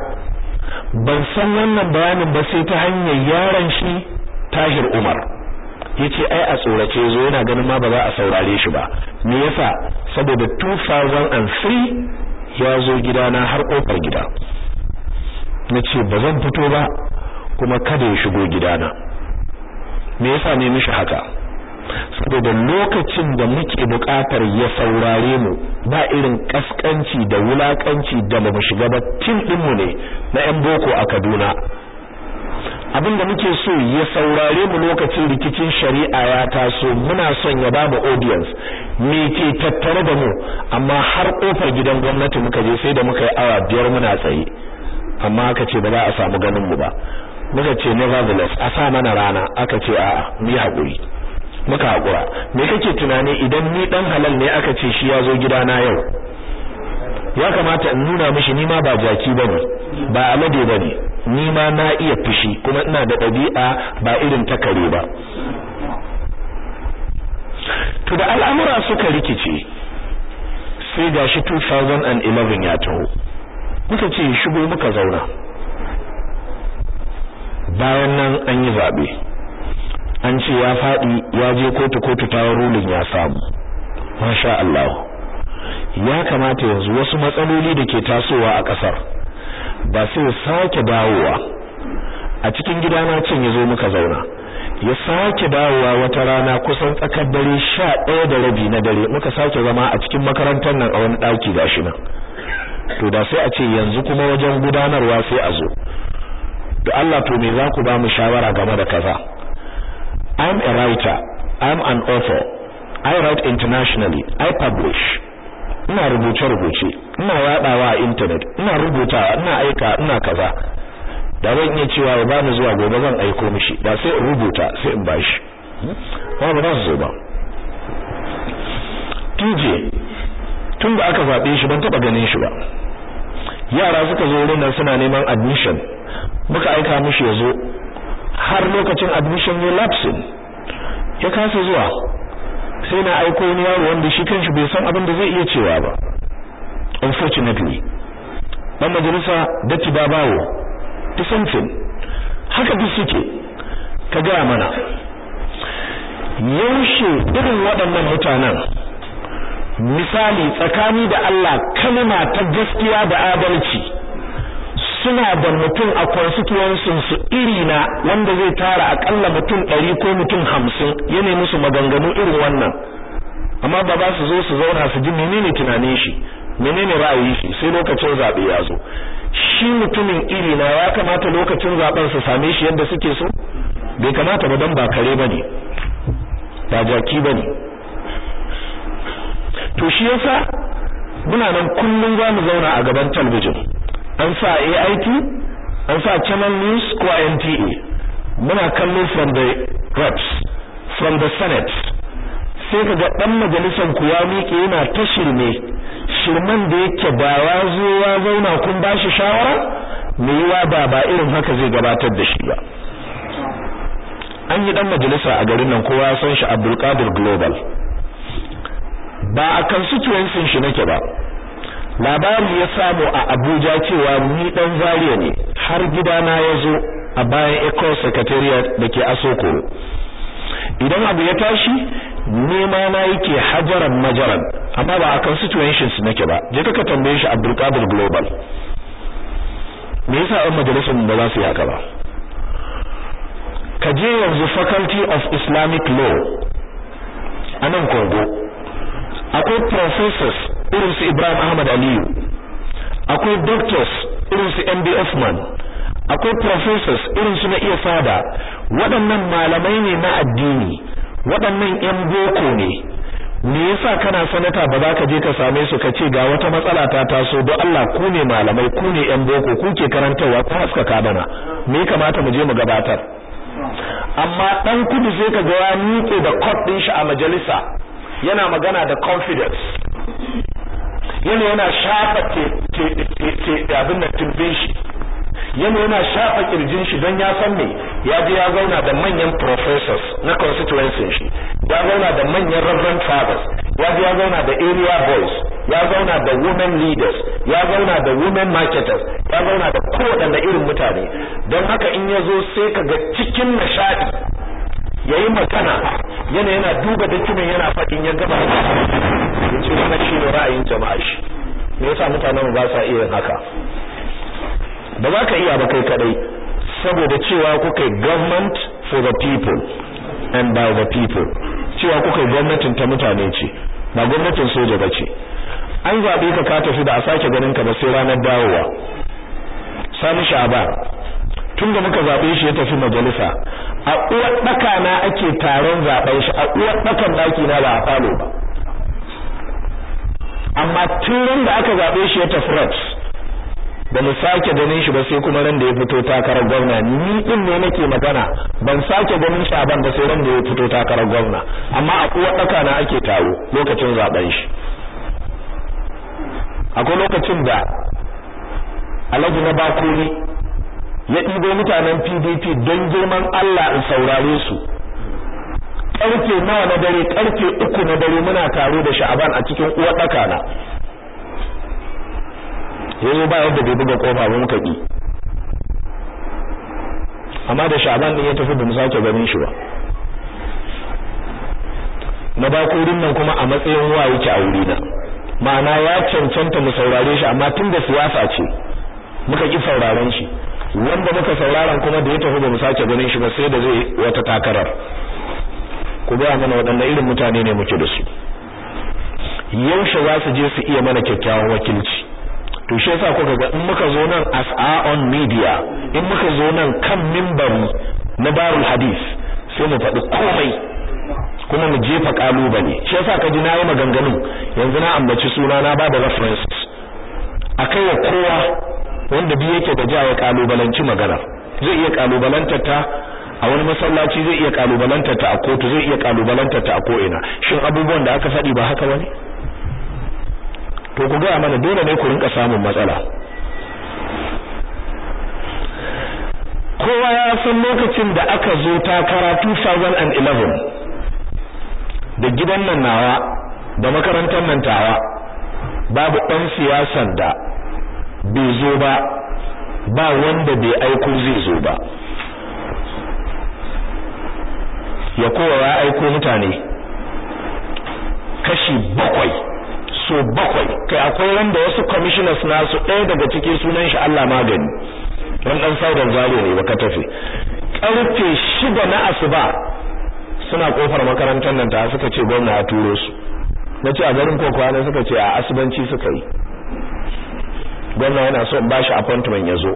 ban san wannan bayanin ba sai ta hanyar yaron shi tashir umar yace ai a tsorace zo yana ganin ma ba za a saurare shi ba me yasa saboda 2003 ya zo gidana har kofar gida nace ba zan fito ba kuma kada ya shigo gida na me yasa ne mishi haka saboda lokacin da muke buƙatar ya saurare mu ba irin kaskanci da wulakanci da ba mu shiga ba ɗinmu din mu ne na yan boko a Kaduna abin da muke so ya saurare mu lokacin rikicin shari'a ya taso muna son ya ba mu audience me ke tattare da mu amma har kofar gidan gwamnati muka je sai da muka yi awa biyar muna tsaye amma aka ce ba za a samu ganin mu ba muka ce nevertheless a sa mana rana aka ce a'a mu yi hakuri muka hakura me kake tunani idan ni dan halal ne aka ce shi ya zo gidana yau ya kamata in nuna mishi ni ma ba jaki bane ba alade bane ni ma na iya fushi kuma ina da ɗabi'a ba irin ta kare ba to da al'amura suka rikice sai gashi 2011 ya taho muka ce shigo muka zauna bayan nan an yi zaɓe an ce ya faɗi ya je kotu kotu ta rulin ya samu masha Allah ya kamata yanzu wasu matsaloli da ke tasowa a ƙasar ba sai ya sake dawowa a cikin gidana cin ya zo muka zauna ya sake dawowa wata rana kusan tsakar dare sha ɗaya da rabi na dare muka sake zama a cikin makarantar nan a wani ɗaki gashi nan to da sai a ce yanzu kuma wajen gudanarwa sai a zo to Allah to me za ku ba mu shawara game da kaza I'm a writer I'm an author I write internationally I publish ina rubuce rubuce ina yadawa a internet ina rubuta ina aika ina kaza da ban iya cewa ba bani zuwa gobe zan aiko mishi da sai in rubuta sai in bashi ba ba za su zo tije tun da aka zaɓe shi ban taba ganin shi ba yara suka zo wurin nan suna neman admission muka aika mishi ya zo har lokacin admission ya lapse ya kasa zuwa sai na aiko wani yaro wanda shi kanshi bai san abin da zai iya cewa ba unfortunately dan majalisa datti bawo to something haka duk suke ka gaya mana yaushe irin waɗannan mutanen misali tsakani da Allah kalma ta gaskiya da adalci suna da mutum a constituency su iri na wanda zai tara akalla mutum ɗari ko mutum hamsin ya musu maganganu irin wannan amma ba ba su zo su zauna su ji menene tunanin shi menene ra'ayi shi sai lokacin zaɓe ya zo shi mutumin iri na ya kamata lokacin zaɓen su same shi yadda suke so bai kamata ba dan ba kare bane ba jaki bane to shi yasa muna nan kullum za zauna a gaban talbijin an sa AIT an sa Channel News ko NTA muna kallo from the reps from the senate sai kaga dan majalisar ku ya miƙe yana ta shirme shirman da yake ba ya zo ya zauna kun ba shi shawara me yiwa ba ba irin haka zai gabatar da shi ba an yi dan majalisa a garin nan kowa ya san shi Abdul Global ba a kan shi nake ba labari ya samu a Abuja cewa ni dan Zariya ne har gidana ya zo a bayan Eco Secretariat dake Asoko idan abu ya tashi nema na yake hajaran majaran amma ba a situations nake ba je ka tambaye shi Abdul Qadir Global me yasa a majalisar mu ba za su yi haka ba ka je yanzu faculty of islamic law a nan kongo akwai professors irin su Ibrahim Ahmad Aliyu akwai doctors irin su MBF man akwai professors irin su na iya fada waɗannan malamai ne na addini waɗannan yan boko ne me yasa kana sanata ba za ka je ka same su ka ce ga wata matsala ta taso don Allah ku ne malamai ku ne yan boko ku ke karantarwa ku haskaka bana me ya kamata mu je mu gabatar amma dan kudu sai ka ga ya miƙe da court din shi a majalisa yana magana da confidence yana yana shafa ke abin da turbin shi yana yana shafa kirjin shi don ya san me ya je ya zauna da manyan professors na constituency shi ya zauna da manyan reverend fathers ya je ya zauna da area boys ya zauna da women leaders ya zauna da women marketers ya zauna da kowaɗanne irin mutane don haka in ya zo sai kaga cikin nishaɗi yayi makana yana yana duba dokumen yana faɗin ya gaba ya ce wannan shi ne ra'ayin jama'a shi me yasa mutanen ba sa iya haka ba za ka iya ba kai kadai saboda cewa kuka government for the people and by the people cewa kukai gwamnatin ta mutane ce ba gwamnatin soja ba ce an zaɓe ka ka tafi da a sake ganin ka ba sai ranar dawowa sami sha'aban tunda muka zaɓe shi ya tafi majalisa a uwar daka na ake taron zaben shi a uwar dakan daki na ba a falo ba amma tun da aka zaɓe shi ya tafi rats da mu sake ganin shi ba sai kuma ran da ya fito takarar gwamna ni din ne nake magana ban sake ganin shi a ban da sai ran da ya fito takarar gwamna amma a uwar daka na ake taro lokacin zaben shi akwai lokacin da alhaji na bakuri ya ɗibo mutanen pdp don girman allah in saurare su ƙarfe nawa na dare ƙarfe uku na dare muna taro da sha'aban a cikin uwarɗaka na yanzu ba yadda bai buga kofa ba muka ƙi amma da sha'aban ɗin ya tafi ba mu sake ganin shi ba na ba nan kuma a matsayin wa yake a wuri na ma'ana ya cancanta mu saurare shi amma tun da siyasa ce muka ƙi sauraren shi wanda muka sauraron kuma da ya tafi ba mu sake ganin shi ba sai da zai wata takarar ku ga mana waɗanne irin mutane ne muke da su yaushe za su je su iya mana kyakkyawan wakilci to shi yasa kuka ga in muka zo nan as on media in muka zo nan kan mimbari na darul hadith sai mu faɗi komai kuma mu jefa kalubale shi yasa ka ji na yi maganganun yanzu na ambaci suna na ba da reference akai wa kowa wanda biyu yake da ja kalubalanci magana zai iya kalubalantar ta a wani masallaci zai iya kalubalantar ta a kotu zai iya kalubalantar ta a ko'ina shin abubuwan da aka faɗi ba haka bane to ku gaya mana dole ne ku rinka samun matsala kowa ya san lokacin da aka zo takara 2011 da gidan nan nawa da makarantar nan tawa babu ɗan siyasan da bai zo ba ba wanda bai aiko zai zo ba ya kowa ya aiko mutane kashi bakwai so bakwai kai akwai wanda wasu commissioners nasu ɗaya daga cikin sunan shi Allah magani dan ɗan sauran zaro ne baka tafi Karfe shida na asuba suna kofar makarantar nan ta suka ce gwamna a turo su nace a garin kokowa ne suka ce a asubanci suka yi gwamna yana son ba shi appointment ya zo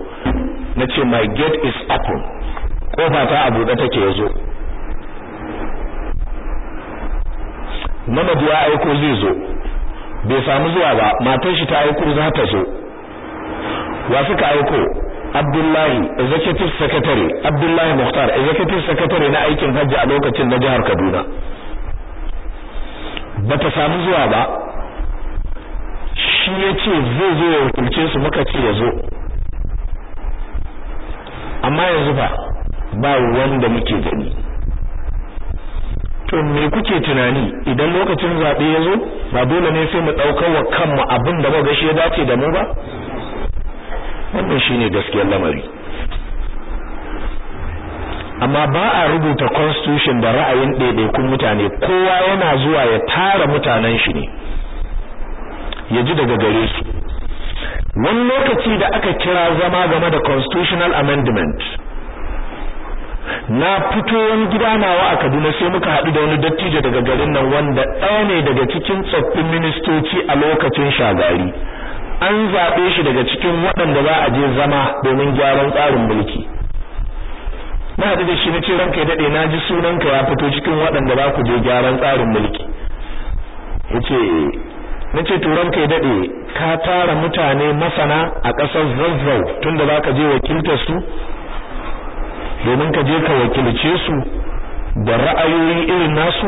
na ce my gate is open kofa ta a buɗe take ya zo namadi ya aiko zai zo bai samu zuwa ba matan shi ta aiko za ta zo wa suka aiko Abdullahi executive secretary Abdullahi Muhtar executive secretary na aikin hajji a lokacin na jihar Kaduna bata samu zuwa ba shi ya ce zai zo ya wakilce su muka ce ya zo amma yanzu zuba ba wanda muke gani to me kuke tunani idan lokacin zaɓe ya zo ba dole ne sai mu ɗaukar wa kanmu abin da muka shi ya dace da mu ba wannan shi ne gaskiyar lamari amma ba a rubuta constitution da ra'ayin ɗaiɗaikun mutane kowa yana zuwa ya tara mutanen shi ne ya ji daga gare su wani lokaci da aka kira zama game da constitutional amendment na fito wani gida nawa a Kaduna sai muka haɗu da wani dattijo daga garin nan wanda ɗaya ne daga cikin tsoffin ministoci a lokacin shagari an zaɓe shi daga cikin waɗanda za a je zama domin gyaran tsarin mulki na haɗu da shi na ce ranka ya daɗe na ji sunanka ya fito cikin waɗanda za ku je gyaran tsarin mulki ce. na ce turanka ya daɗe ka tara mutane masana a ƙasar zazzau tunda za ka je wakiltar su domin ka je ka wakilce su da ra'ayoyi irin nasu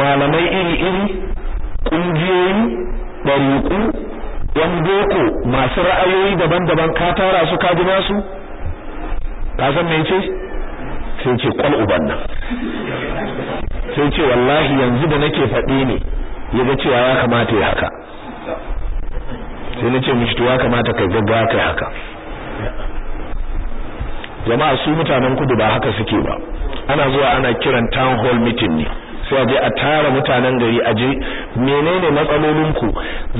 malamai iri-iri ƙungiyoyi ɗariƙu yan boko masu ra'ayoyi daban-daban ka tara su ka gina su? ka san me ce sai ce kwal uban nan sai ce wallahi yanzu da nake faɗi ne ya ga cewa ya kamata ya haka sai na ce mishi to ya kamata kai gaggawa kai haka jama'a su mutanen kudu ba haka suke ba ana zuwa ana kiran town hall meeting ne sai je a tara mutanen gari a je menene matsalolin ku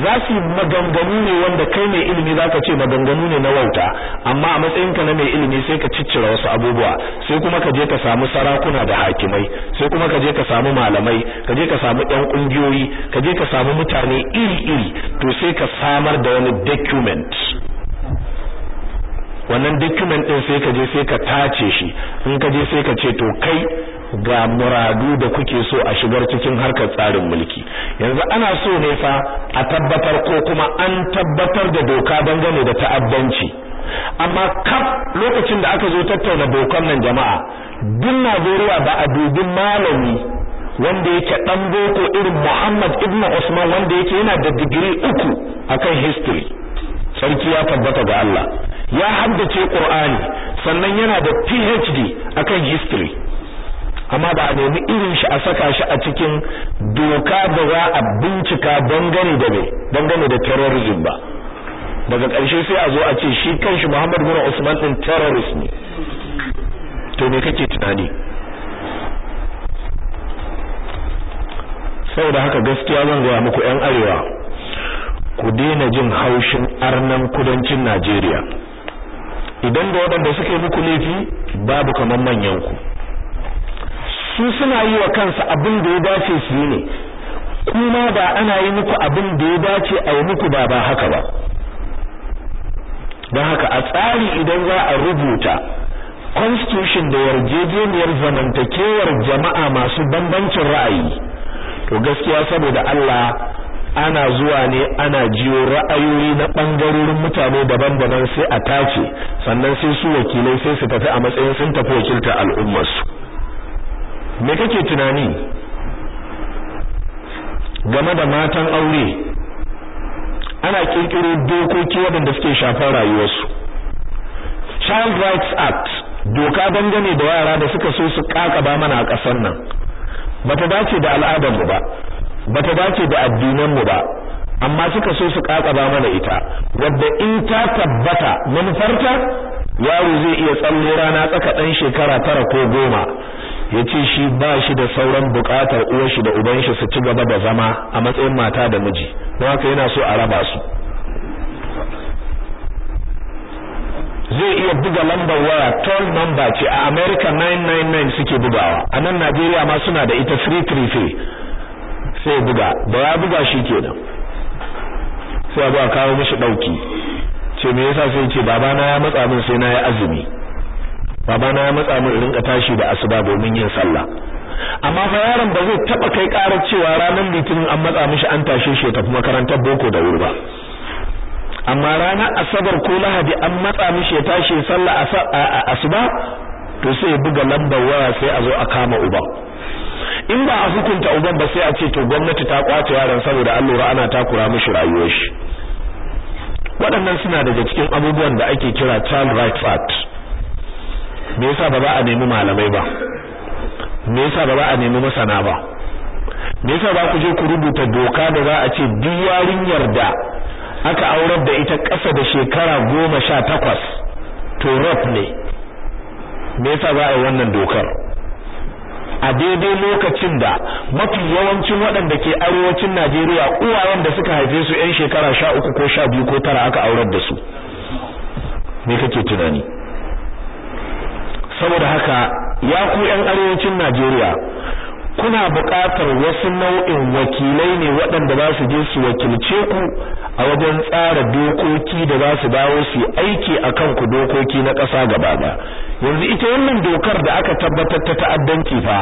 za su maganganu ne wanda kai mai ilimi zaka ce maganganu ne na wauta amma a matsayin ka na mai ilimi sai ka ciccira wasu abubuwa sai kuma ka je ka samu sarakuna da hakimai sai kuma ka je ka samu malamai ka je ka samu ɗan kungiyoyi ka je ka samu mutane iri iri to sai ka samar da wani document wannan document ɗin sai ka je sai ka tace shi in ka je sai ka ce to kai ga muradu da kuke so a shigar cikin harkar tsarin mulki yanzu ana so ne fa a tabbatar ko kuma an tabbatar da doka dangane da ta'addanci amma kaf lokacin da aka zo tattauna dokan nan jama'a duk Najeriya ba a dubi malami wanda yake dan boko irin Muhammad ibn Usman wanda yake yana da digiri uku akan history sarki ya tabbata ga Allah ya haddace Qur'ani sannan yana da PhD akan history amma ba a nemi irin shi a saka shi a cikin doka da za a bincika dangane da me dangane da terrorism ba daga ƙarshe sai a zo a ce shi kanshi Muhammad bin Usman din terrorist ne to me kake tunani saboda haka gaskiya zan gaya muku yan arewa ku daina jin haushin arnan kudancin Najeriya idan da waɗanda suke muku laifi babu kamar manyan ku su suna yi wa kansu abin da ya dace su yi ne kuma ba ana yi muku abin da ya dace a yi muku ba ba haka ba don haka a tsari idan za a rubuta constitution da yarjejeniyar zamantakewar jama'a masu bambancin ra'ayi to gaskiya saboda Allah ana zuwa ne ana jiyo ra'ayoyi na bangarorin mutane daban-daban sai a tace sannan sai su wakilai sai su tafi a matsayin sun tafi wakiltar al'ummarsu me kake tunani game da matan aure ana kirkiro dokoki waɗanda suke shafar rayuwarsu Child Rights Act doka dangane da yara da suka so su kakaba mana a ƙasar nan bata dace da al'adar mu ba bata dace da addinanmu ba amma suka so su kakaba mana ita wadda in ta tabbata manufarta yaro zai iya tsalle rana tsaka ɗan shekara tara ko goma ya ce shi ba shi da sauran bukatar uwarshi da uban shi su ci gaba da zama a matsayin mata da miji don haka yana so a raba su zai iya buga lambar waya toll number ce a America 999 suke bugawa a nan Najeriya ma suna da ita 333 sai buga da ya buga shi kenan sai a kawo mishi dauki ce me yasa sai ce babana ya matsa min sai na yi azumi babana ya matsa mu rinka tashi da asuba domin yin sallah amma fa yaron ba zai taba kai karar cewa ranar litinin an matsa mishi an tashe shi ya tafi makarantar boko da wuri ba amma ranar asabar ko lahadi an matsa mishi ya tashi sallah asuba to sai ya buga lambar waya sai a zo a kama uba. in ba a hukunta uban ba sai a ce to gwamnati ta kwace yaron saboda an lura ana takura mishi rayuwar shi waɗannan suna daga cikin abubuwan da ake kira child rights act me yasa ba za a nemi malamai ba me yasa ba za a nemi masana ba me yasa ba ku je ku rubuta doka da za a ce duk yarinyar da aka aurar da ita ƙasa da shekara goma sha takwas to rap ne me yasa za a yi wannan dokar a daidai lokacin da mafi yawancin waɗanda ke arewacin Najeriya uwayen da suka haife su 'yan shekara sha uku ko sha biyu ko tara aka aurar da su me kake tunani saboda haka ya ku yan arewacin Najeriya kuna buƙatar wasu nau'in wakilai ne waɗanda za su je su wakilce ku a wajen tsara dokoki da za su dawo su aiki a kan ku dokoki na ƙasa gaba yanzu ita wannan dokar da aka tabbatar ta ta'addanci fa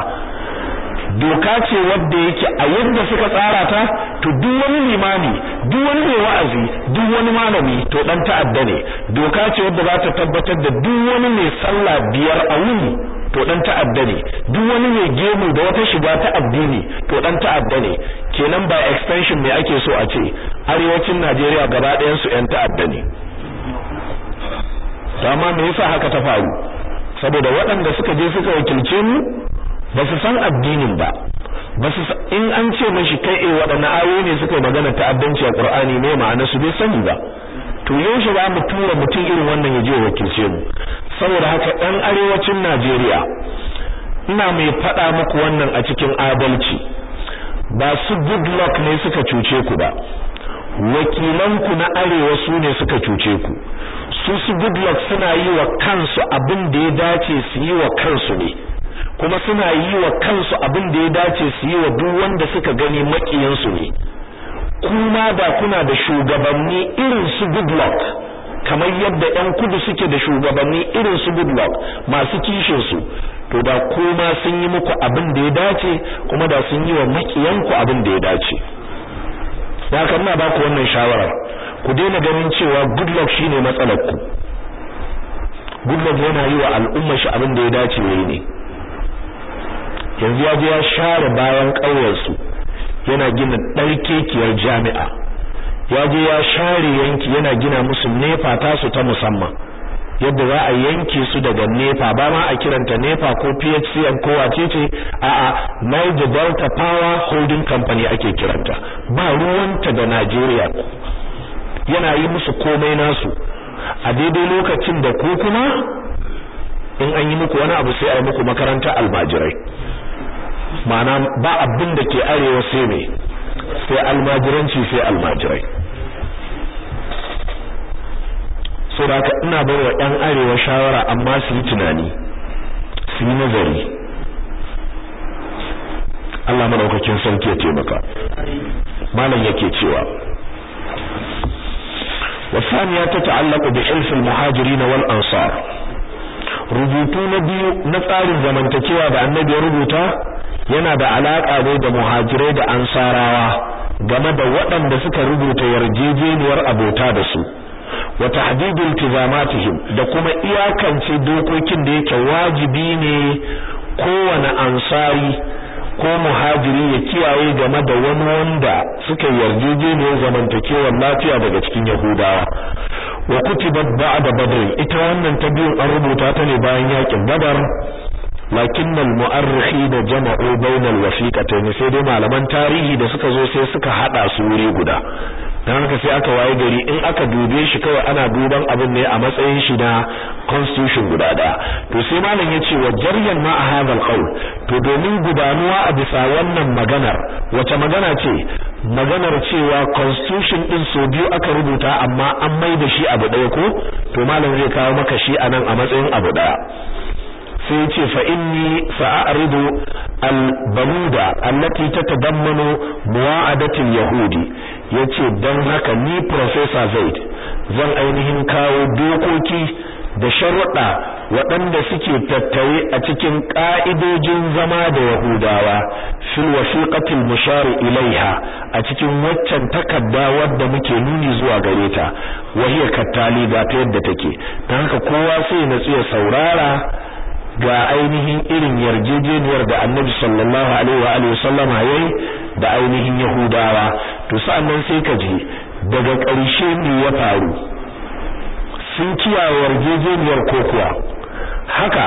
doka ce wadda yake a yadda suka tsara ta to duk wani limami duk wani mai wa'azi duk wani malami to dan ta'adda ne doka ce wadda za ta tabbatar da duk wani mai sallah biyar a wuni to dan ta'adda ne duk wani mai gemu da wata shiga ta addini to dan ta'adda ne kenan ba extension me ake so a ce arewacin Najeriya gaba ɗayan su yan ta'adda ne to amma me yasa haka ta faru saboda waɗanda suka je suka wakilce mu ba su san addinin ba ba su in an ce mashi kai eh waɗannan ayoyi ne suka magana ta ta'addanci a Qur'ani ne ma'ana su bai sani ba to yaushe za mu tura mutum irin wannan ya je wakilce mu saboda haka ɗan arewacin Najeriya ina mai faɗa muku wannan a cikin adalci ba su luck ne suka cuce ku ba wakilanku na arewa su ne suka cuce ku su su luck suna yi wa kansu abin da ya dace su yi wa kansu ne kuma suna yi wa kansu abin da ya dace su yi wa duk wanda suka gani makiyansu ne kuma da kuna da shugabanni irin su goodluck kamar yadda yan kudu suke da shugabanni irin su goodluck masu kishin su to da kuma sun yi muku abin da ya dace kuma da sun yi wa makiyanku abin da ya dace da baku ba ku wannan shawarar ku daina ganin cewa goodluck shine matsalar ku goodluck yana yi wa al'umma shi abin da ya dace ne yanzu ya je ya share bayan ƙauyensu yana gina ɗarkekiyar jami'a ya je ya share yanki yana gina musu nefa tasu ta musamman yadda za a yanke su daga nefa ba ma a kiranta nefa ko phcm ko ce a a niger delta power holding company ake kiranta ba ruwanta da nigeria yana yi musu komai nasu a daidai lokacin da ko kuma in an yi muku wani abu sai a yi muku makarantar almajirai ma'ana ba abin da ke arewa sai ne sai almajiranci sai almajirai so da ina wa ɗan arewa shawara amma su yi tunani su yi nazari Allah madaukakin sarki ya taimaka malam yake cewa ta da ilfin muhajiri na wal ansar rubutu na biyu na tsarin zamantakewa da annabi ya rubuta yana da alaƙa ne da muhajirai da ansarawa game da waɗanda suka rubuta yarjejeniyar abota da su wa tahdidu iltizamatihim da kuma iyakance dokokin da yake wajibi ne kowane ansari ko muhajiri ya kiyaye game da wani wanda suka yarjejeniyar zamantakewar lafiya daga cikin yahudawa wa kutibat ba'da badr ita wannan ta an rubuta ta ne bayan yakin badar lakin al da jama'u bayna al-wasiqatayn sai dai malaman tarihi da suka zo sai suka hada su wuri guda dan haka sai aka waye gari in aka dube shi kawai ana duban abin ne a matsayin shi na constitution guda daya to sai malam yace wa jaryan ma a hadal qaul to domin gudanuwa a bisa wannan maganar wace magana ce maganar cewa constitution din so biyu aka rubuta amma an maida shi abu daya ko to malam zai kawo maka shi anan a matsayin abu daya sai ya ce fa inni sa'aridu al-baluda ta tatadammanu muwa'adatil yahudi yace dan haka ni professor Zaid zan ainihin kawo dokoki da sharuɗa waɗanda suke tattare a cikin ƙa'idojin zama da Yahudawa fil wasiqatil mushar ilaiha a cikin waccan takarda wadda muke nuni zuwa gare ta wahiya kattali ba ta yadda take dan haka kowa sai na natsu ya saurara ga ainihin irin yarjejeniyar da annabi sallallahu alaihi wa alihi sallama yayi da ainihin yahudawa to sannan sai ka je daga ƙarshe ne ya faru sun kiyaye yarjejeniyar kokuwa haka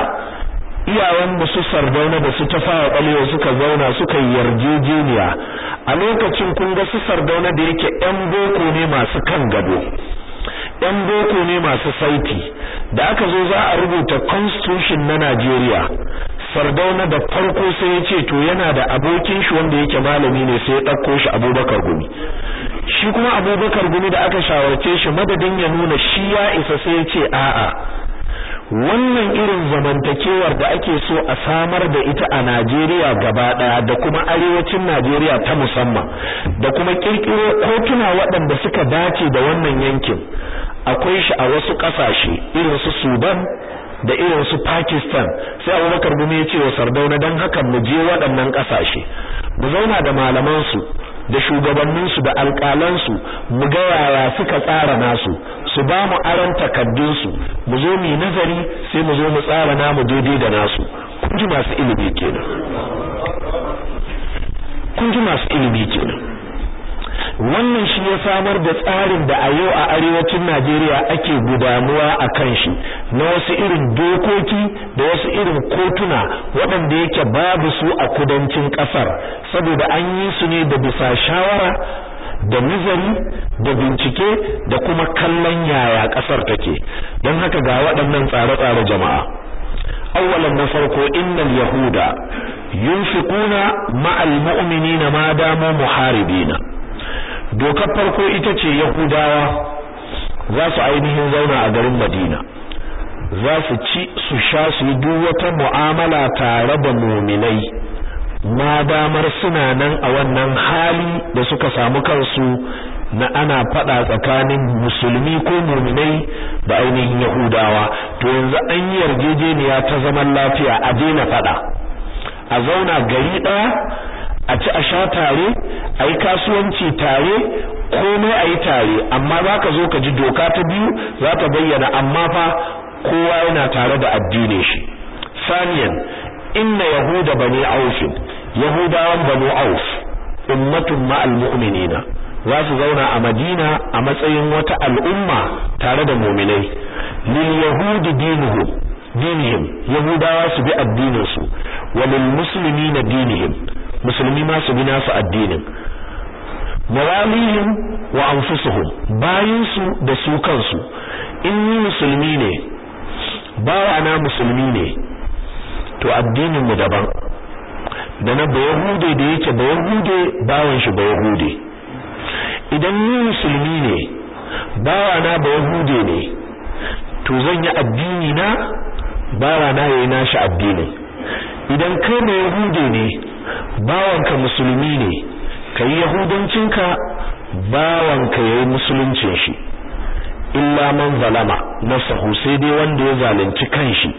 iyawan su sardauna da su ta fara kalewa suka zauna suka yarjejeniya a lokacin kun ga su sardauna da yake yan boko ne masu kan gado ɗan boko ne masu sauti da aka zo za a rubuta constitution na Najeriya Sardauna da farko sai ya ce to yana da abokin shi wanda yake malami ne sai ya ɗauko shi Abubakar Gumi shi kuma Abubakar Gumi da aka shawarce shi madadin ya nuna shi ya isa sai ya ce a'a wannan irin zamantakewar da ake so a samar da ita a Najeriya gaba daya da kuma arewacin Najeriya ta musamman da kuma kirkiro kotuna waɗanda suka dace da wannan yankin akwai shi a wasu ƙasashe irin su Sudan da irin su Pakistan sai Abubakar Gumi ya ce wa Sardauna dan hakan mu je waɗannan ƙasashe mu zauna da malaman su da shugabanninsu da alƙalansu mu ga yaya suka tsara nasu su ba mu aron takaddunsu mu zo mu nazari sai mu zo mu tsara namu daidai da nasu kun ji masu ilimi kenan kun ji masu ilimi kenan wannan shi ya samar da tsarin da a yau a arewacin Najeriya ake gudanuwa a kan shi na wasu irin dokoki da wasu irin kotuna waɗanda yake babu su a kudancin ƙasar saboda an yi su ne da bisa shawara da nazari da bincike da kuma kallon yaya kasar take dan haka ga waɗannan tsare-tsare jama'a awwalan na farko innal yahuda yunfiquna ma'al mu'minina ma damu muharibina dokar farko ita ce yahudawa za su ainihin zauna a garin madina za su ci su sha su yi duk wata mu'amala tare da muminai ma damar suna nan a wannan hali da suka samu kansu na ana fada tsakanin musulmi ko mu'minai da ainihin yahudawa to yanzu an yi yarjejeniya ta zaman lafiya a daina fada a zauna gari daya a ci a sha tare a yi kasuwanci tare komai a yi tare amma za ka zo ka ji doka ta biyu za ta bayyana amma fa kowa yana tare da addinin shi saniyan inna yahuda bani auf yahudawan bani auf ummatun ma'al mu'minina za su zauna a madina a matsayin wata al'umma tare da mu'minai lil yahudi dinuhu dinihim yahudawa su bi addinin su wa lil muslimina dinihim musulmi ma su bi nasu addinin mawalihim wa anfusuhum bayin su da su kansu inni musulmi ne bawa na musulmi ne to addinin mu daban da na bayahude da yake bayahude bawan shi bayahude idan ni musulmi ne bawa na bayahude ne to zan yi addini na bawa na yayi nashi addini idan kai bayahude ne ka musulmi ne kai yahudancinka bawanka yayi musuluncin shi illa man zalama nasahu sai dai wanda ya zalunci kanshi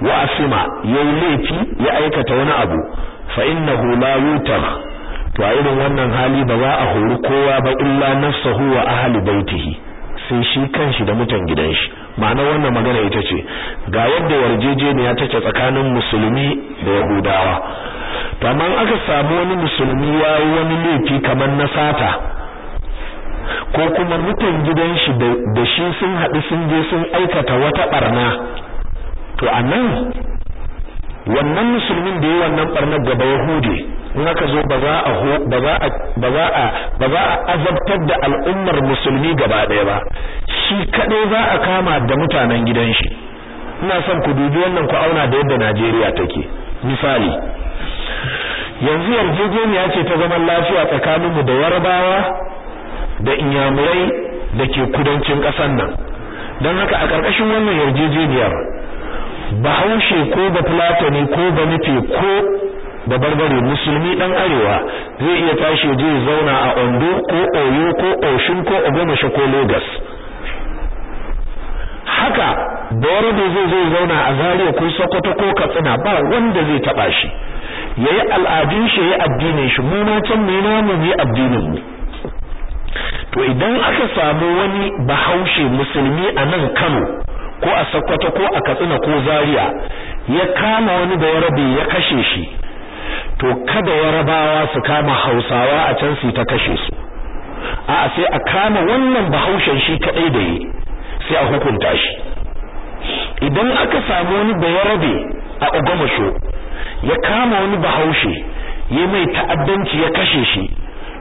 wa asima ya laifi ya aikata wani abu fa innahu la yutar to a irin wannan hali ba za a hori kowa ba illa nafsuhu wa ahli baitihi sai shi kanshi da mutan gidan shi ma'ana wannan magana ita ce ga yadda yarjejeniya take tsakanin musulmi da yahudawa to amma aka samu wani musulmi ya wani laifi kamar na sata ko kuma mutan gidan shi da shi sun haɗu sun je sun aikata wata barna to a nan wannan musulmin da yi wannan barnar gaba ya yahudi in aka zo ba za a azabtar da al'ummar musulmi gaba ɗaya ba shi kaɗai za a kama da mutanen gidan shi ina son ku dubi wannan ku auna da yadda Najeriya take misali yanzu yarjejeniya ce ta zaman lafiya tsakanin mu da Yarbawa da Inyamurai da ke kudancin ƙasar nan don haka a ƙarƙashin wannan yarjejeniyar bahaushe ko da Platoni ko da nufi ko da barbare musulmi dan arewa zai iya tashi je zauna a ondo ko oyo ko oshin ko shi ko lagos haka da zai zai zauna a zaria ko sokoto ko katsina ba wanda zai taba shi yayi al'adun shi yayi addinin shi mu ma can mu na mu addinin mu to idan aka samu wani bahaushe musulmi a nan Kano ko a Sokoto ko a Katsina ko Zariya ya kama wani da yarabe ya kashe shi to kada yarabawa su kama Hausawa a can su ta kashe su a sai a kama wannan bahaushen shi kadai da yi sai a hukunta shi idan aka samu wani da yarabe a Ogomasho ya kama wani bahaushe ya mai ta'addanci ya kashe shi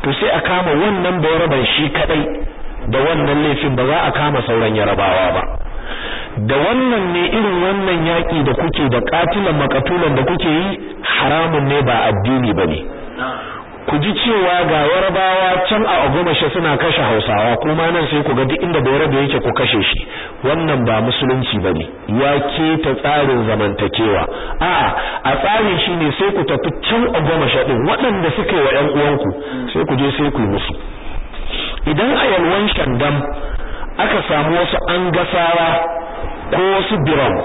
to sai a kama wannan da bayaraban shi kadai da wannan laifin ba za a kama sauran yarabawa ba da wannan ne irin wannan yaƙi da kuke da katilan makatulan da kuke yi haramun ne ba addini bane ku ji cewa ga yarabawa can a agomashe suna kashe hausawa kuma nan sai ku ga duk inda bayarabe yake ku kashe shi wannan ba musulunci bane ya ta tsarin zamantakewa a'a a tsarin shine sai ku tafi can agomashe din waɗanda suke wa 'yan uwanku sai ku je sai ku musu idan a yalwan shandam aka samu wasu angasawa ko wasu biram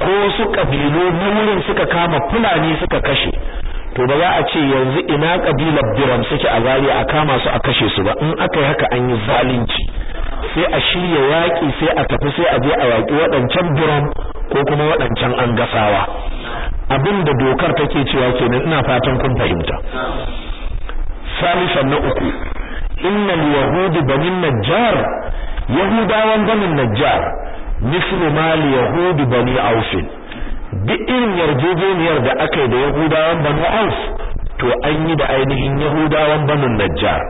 ko wasu ƙabilu na wurin suka kama fulani suka kashe to ba za a ce yanzu ina kabilar biram suke a zari a kama su a kashe su ba in aka yi haka an yi zalunci sai a shirya yaƙi sai a tafi sai a je a yaƙi waɗancan biram ko kuma waɗancan an gasawa abin da dokar take cewa kenan ina fatan kun fahimta salisan na uku innal yahudi banin najjar yahudawan banin najjar mislu mal yahud bani auf duk irin yarjejeniyar da aka yi da yahudawan bani aus to an yi da ainihin yahudawan bani najjar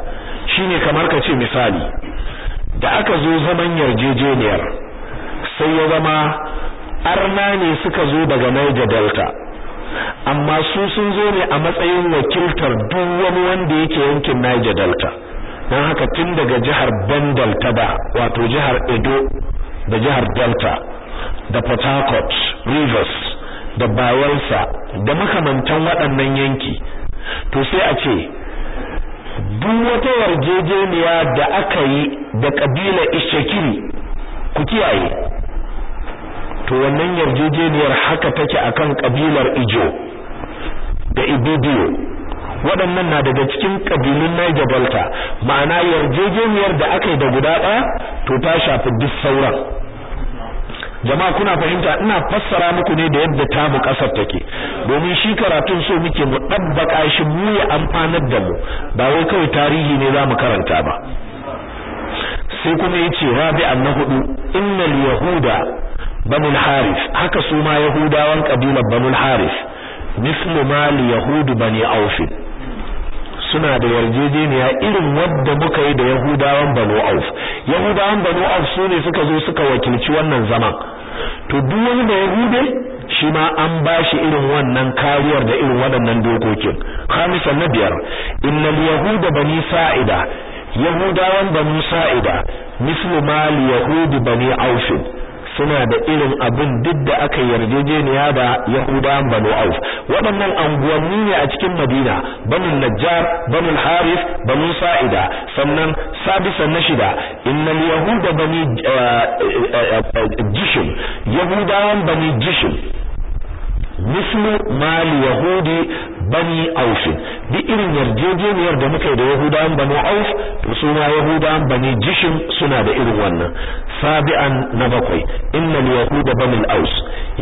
shine kamar ka ce misali da aka zo zaman yarjejeniyar sai ya zama arna ne suka zo daga Niger Delta amma su sun zo ne a matsayin wakiltar duk wani wanda yake yankin Niger Delta don haka tun daga jihar Bandal ta da wato jihar Edo da jihar delta da port harcourt rivers da bayelsa da makamantan waɗannan yanki to sai a ce duk wata yarjejeniya da aka yi da ƙabilar ishakiri ku kiyaye to wannan yarjejeniyar haka take akan kabilar ijo da ibibio waɗannan na daga cikin ƙabilun Niger Delta ma'ana yarjejeniyar da aka yi da guda ɗaya to ta shafi duk sauran jama'a kuna fahimta ina fassara muku ne da yadda tamu ƙasar take domin shi karatun so muke mu ɗabbaƙa shi mu ya amfanar da mu ba wai kawai tarihi ne za mu karanta ba sai kuma ya yace rabi'an na hudu innal yahuda banul harith haka su ma yahudawan kabilar banul harith mislu mal yahud bani aufin suna da yarjejeniya irin wadda muka yi da yahudawan banu auf yahudawan banu auf su ne suka zo suka wakilci wannan zaman to duk wani da yahude shi ma an bashi irin wannan kariyar da irin waɗannan dokokin khamisan na biyar innal yahuda bani sa'ida yahudawan banu sa'ida mislu mal yahudi bani auf suna da irin abin duk da aka yarjejeniya da yahudan banu auf waɗannan anguwanni ne a cikin madina banu najjar banu harith banu sa'ida sannan sabisa na shida innal yahuda bani eh, eh, eh, jishim yahudawan bani jishim mislu mali yahudi bani auf duk irin yarjejeniyar da muka yi da yahudawan bani auf to su ma yahudawan bani jishin suna da irin wannan sabi'an na bakwai innal yahuda bani aus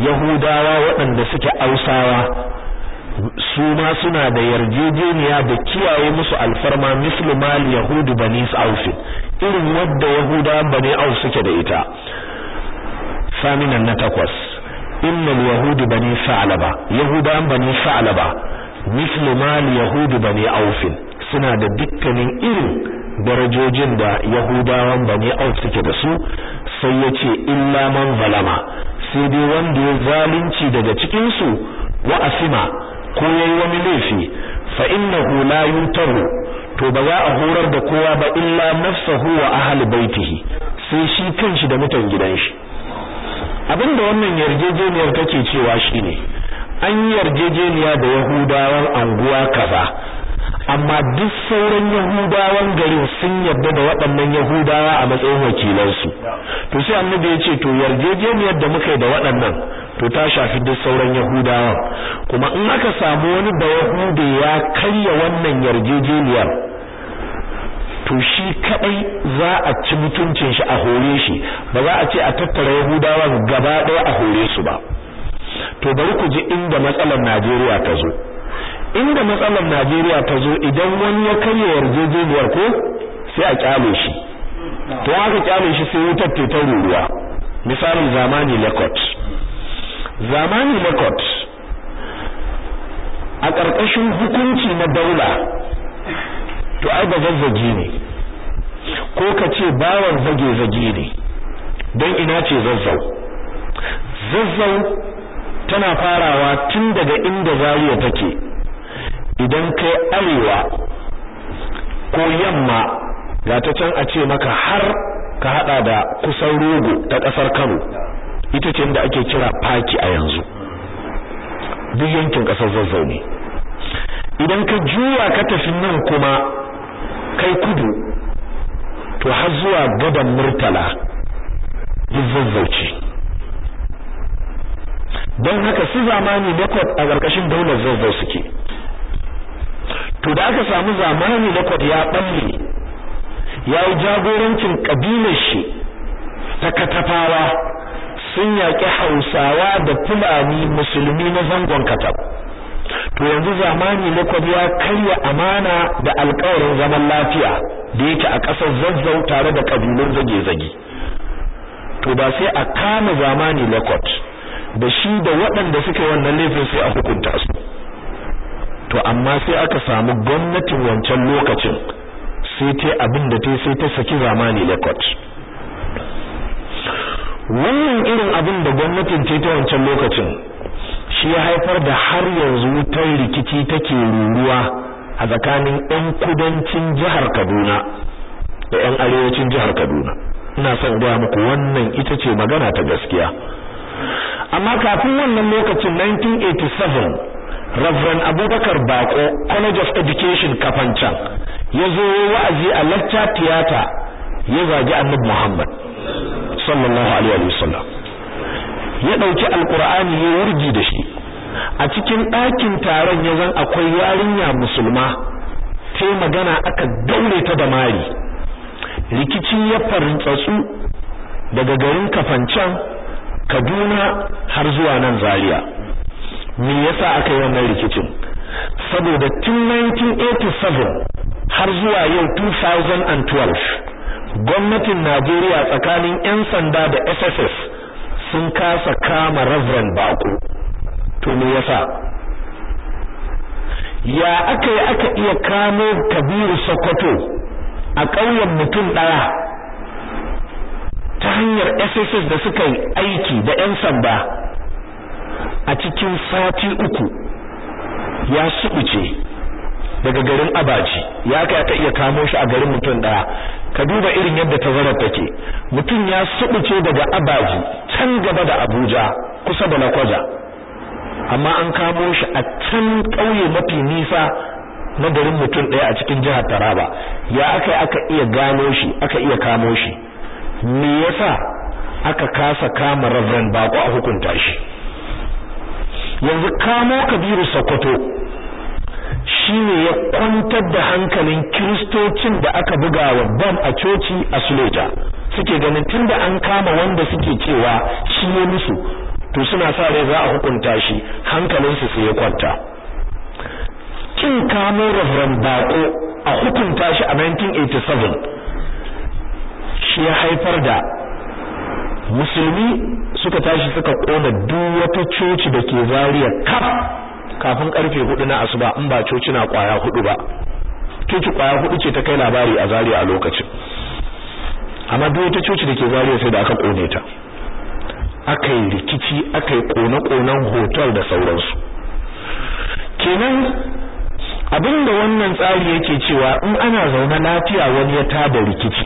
yahudawa waɗanda suke ausawa su ma suna da yarjejeniya da kiyaye musu alfarma mislu mali Yahudi bani auf irin wadda yahudawan bani auf suke da ita saminan na takwas innal yahudi bani sa'laba yahudan bani sa'laba mislu mal yahudi bani aufin suna da dukkanin irin darajojin da yahudawan bani auf suke da su sai yace illa man zalama sai dai wanda ya zalunci daga cikin su wa asima ko yayi wani laifi fa innahu la yutaru to ba za a horar da kowa ba illa nafsahu wa ahli baitihi sai shi kanshi da mutan gidan shi Abin da wannan yarjejeniyar take cewa shine an yi yarjejeniya da yahudawan anguwa kaza amma duk sauran yahudawan garin sun yarda da waɗannan yahudawa a matsayin wakilansu to sai annabi ya ce to yarjejeniyar da muka yi da waɗannan to ta shafi duk sauran yahudawan kuma in aka samu wani da yahude ya karya wannan yarjejeniyar to shi kadai za a ci mutuncin shi a hore shi ba za a ce a tattara yahudawa gaba ɗaya a hore su ba to bari ku ji inda matsalar Najeriya ta zo inda matsalar Najeriya ta zo idan wani ya karya yarjejeniyar ko sai a kyale shi to aka kyale shi sai wutar ta ruruwa misalin zamani lekot zamani lekot a ƙarƙashin hukunci na daula to ai bazazzagi ne ko ka ce bawan zage zage ne don ina ce zazzau zazzau tana farawa tun daga inda zariya take idan kai arewa ko yamma ga ta can a ce maka har ka hada da kusan rogo ta kasar Kano ita ce inda ake kira faki a yanzu duk yankin kasar zazzau ne idan ka juya ka tafi nan kuma kai kudu to har zuwa gadan murtala duk zazzauci don haka su zamani bakwai a ƙarƙashin daular zazzau suke to da aka samu zamani bakwai ya ɓalle ya yi jagorancin ƙabilar shi ta katafawa sun yaƙi hausawa da fulani musulmi na zangon katafa to yanzu zamani lakwab ya karya amana da alƙawarin zaman lafiya da yake a ƙasar zazzau tare da kabilun zage-zage to ba sai a kama zamani lakwab da shi da waɗanda suke wannan laifin sai a hukunta su to amma sai aka samu gwamnatin wancan lokacin sai ta abin da ta sai ta saki zamani lakwat wannan irin abin da gwamnatin ta yi ta wancan lokacin shi ya haifar da har yanzu wutar rikici take ruruwa a tsakanin 'yan kudancin jihar Kaduna da 'yan arewacin jihar Kaduna ina son gaya muku wannan ita ce magana ta gaskiya amma kafin wannan lokacin 1987 Reverend Abubakar Bako College of Education Kafancan ya zo wa'azi a lecture theater ya zagi Annabi Muhammad sallallahu alaihi wasallam ya dauki alqur'ani ya wurgi da shi a cikin ɗakin taron ya zan akwai yarinya musulma ta magana aka daure ta da mari rikici ya farintsatsu daga garin kafancan kaduna har zuwa nan zaria me yasa aka yi wannan rikicin saboda tun 1987 har zuwa yau 2012 gwamnatin najeriya tsakanin 'yan sanda da sss sun kasa kama ravran Bako to me yasa ya aka aka iya kamo Kabiru Sokoto a ƙauyen mutum ɗaya ta hanyar SSS da suka yi aiki da 'yan sanda a cikin sati uku ya suɓuce daga garin abaji ya kai aka iya kamo shi a garin mutum daya ka duba irin yadda tazarar take mutum ya subuce daga abaji can gaba da abuja kusa da lakwaja amma an kamo shi a can ƙauye mafi nisa na garin mutum daya a cikin jihar taraba ya aka aka iya gano shi aka iya kamo shi me yasa aka kasa kama reverend bako a hukunta shi yanzu kamo kabiru sokoto shi ne ya kwantar da hankalin kiristocin da aka buga wa bam a coci a Suleja suke ganin tun da an kama wanda suke cewa shi ne musu to suna sa rai za a hukunta shi hankalinsu sai ya kwanta kin kamo rafran Bako a hukunta shi a 1987 shi ya haifar da musulmi suka tashi suka kona duk wata coci da ke zariya kaf kafin karfe hudu na asuba in ba coci na kwaya hudu ba coci kwaya hudu ce ta kai labari a Zariya a lokacin amma duk wata coci da ke Zariya sai da aka kone ta aka yi rikici aka yi kone-konen hotel da sauransu kenan abinda wannan tsari yake cewa in ana zaune lafiya wani ya taba rikici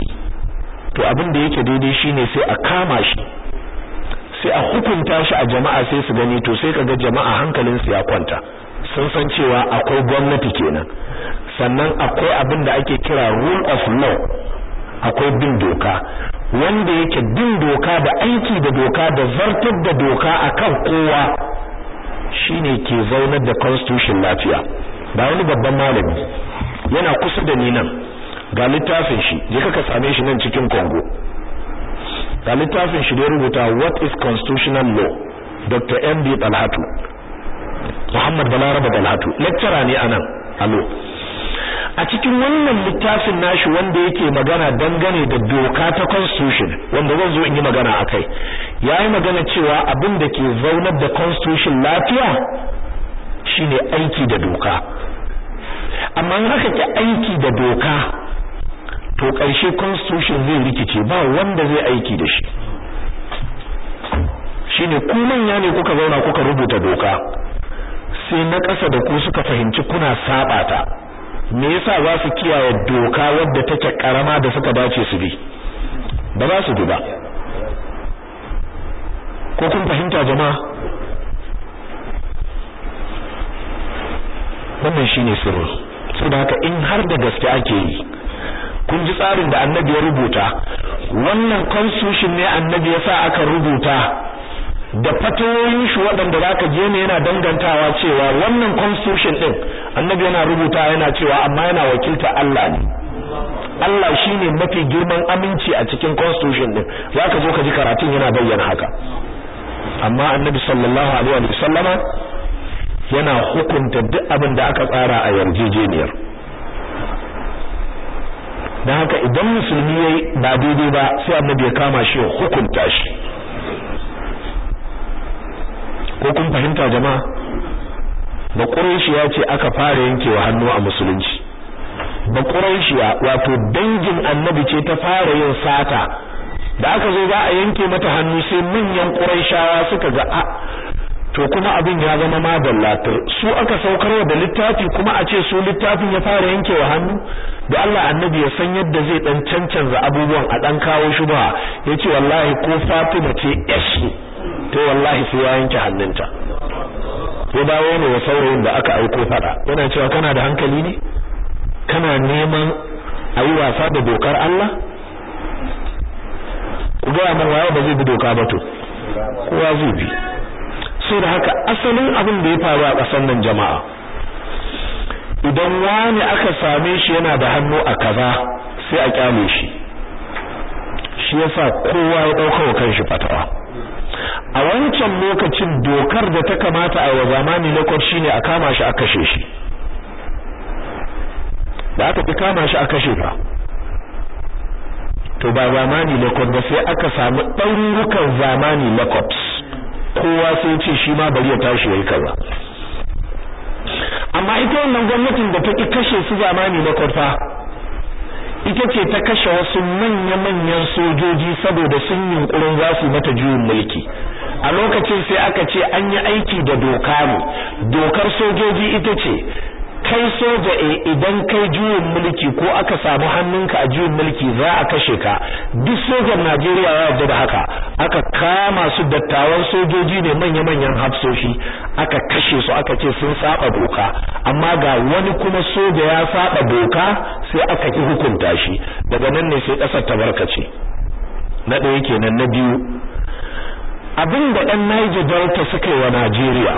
to abinda yake daidai shine sai a kama shi sai a hukunta shi a jama'a sai su gani to sai kaga jama'a hankalin su ya kwanta sun san cewa akwai gwamnati kenan sannan akwai abin da ake kira rule of law akwai bin doka wanda yake bin doka da aiki da doka da zartar da doka akan kowa shine ke zaunar da constitution lafiya ba wani babban malami yana kusa da ni nan ga littafin shi je ka same shi nan cikin Congo ga littafin shi da rubuta what is constitutional law dr md dalhatu muhammad balaraba dalhatu lecturer ne anan allo a cikin wannan littafin nashi wanda yake magana dangane da doka ta constitution wanda zan zo in yi magana akai yayi magana cewa abin da ke zaunar da constitution lafiya shine aiki da doka amma in haka ki aiki da doka to ƙarshe constitution zai rikice ba wanda zai aiki da shi shine ku manya ne kuka zauna kuka rubuta doka sai na ƙasa da ku suka fahimci kuna saba ta me yasa za su kiyaye doka wadda take karama da suka dace su bi ba za su duba ko kun fahimta jama'a wannan shine sirri saboda haka in har da gaske ake yi kun ji tsarin da annabi ya rubuta wannan constitution ne annabi ya sa aka rubuta da fatoyin shi waɗanda za ka je ne yana dangantawa cewa wannan constitution ɗin annabi yana rubuta yana cewa amma yana wakilta Allah ne Allah shine mafi girman aminci a cikin constitution ɗin za ka zo ka ji karatun yana bayyana haka amma annabi sallallahu alaihi wa yana hukunta duk abin da aka tsara a yarjejeniyar don haka idan musulmi ya yi ba daidai ba sai annabi ya kama shi ya hukunta shi ko kun fahimta jama'a da ya ce aka fara yankewa hannu a musulunci da wato dangin annabi ce ta fara yin sata da aka zo za a yanke mata hannu sai manyan Qurayshawa suka ga a ah, to kuma abin ya zama ma dallatar su aka saukarwa da littafi kuma a ce su littafin ya fara yanke wa hannu da Allah annabi ya san yadda zai dan cancanza abubuwan a dan kawo ba yace wallahi ko Fatima ce yashi to wallahi sai ya yanke hannunta ya dawo ne wa saurayin da aka aiko fada yana cewa kana da hankali ne kana neman ayi wasa da dokar Allah ku ga mun waye ba zai bi doka ba to kowa zai bi so da haka asalin abin da ya faru a ƙasar nan jama'a idan wani aka same shi yana da hannu a kaza sai a kyale shi shi yasa kowa ya dauka wa kanshi fatawa a wancan lokacin dokar da ta kamata a wa zamani na shine a kama shi a kashe shi da aka fi kama shi a kashe ba to ba zamani na ba sai aka samu ɗaurukan zamani na kowa sai ce shi ma bari ya tashi yayi kaza amma ita wannan gwamnatin da ta ki kashe su zamani na kwarfa ita ce ta kashe wasu manya-manyan sojoji saboda sun yunkurin za su mata juyin mulki a lokacin sai aka ce an yi aiki da doka ne dokar sojoji ita ce kai soja e idan kai juyin mulki ko aka samu hannunka a juyin mulki za a kashe ka duk sojan Najeriya ya yarda da haka aka kama su dattawan sojoji ne manya-manyan hafsoshi aka kashe su aka ce sun saba doka amma ga wani kuma soja ya saba doka sai aka ki hukunta shi daga nan ne sai kasar barkace na ɗaya kenan na biyu abin da ɗan Niger Delta suka yi wa Najeriya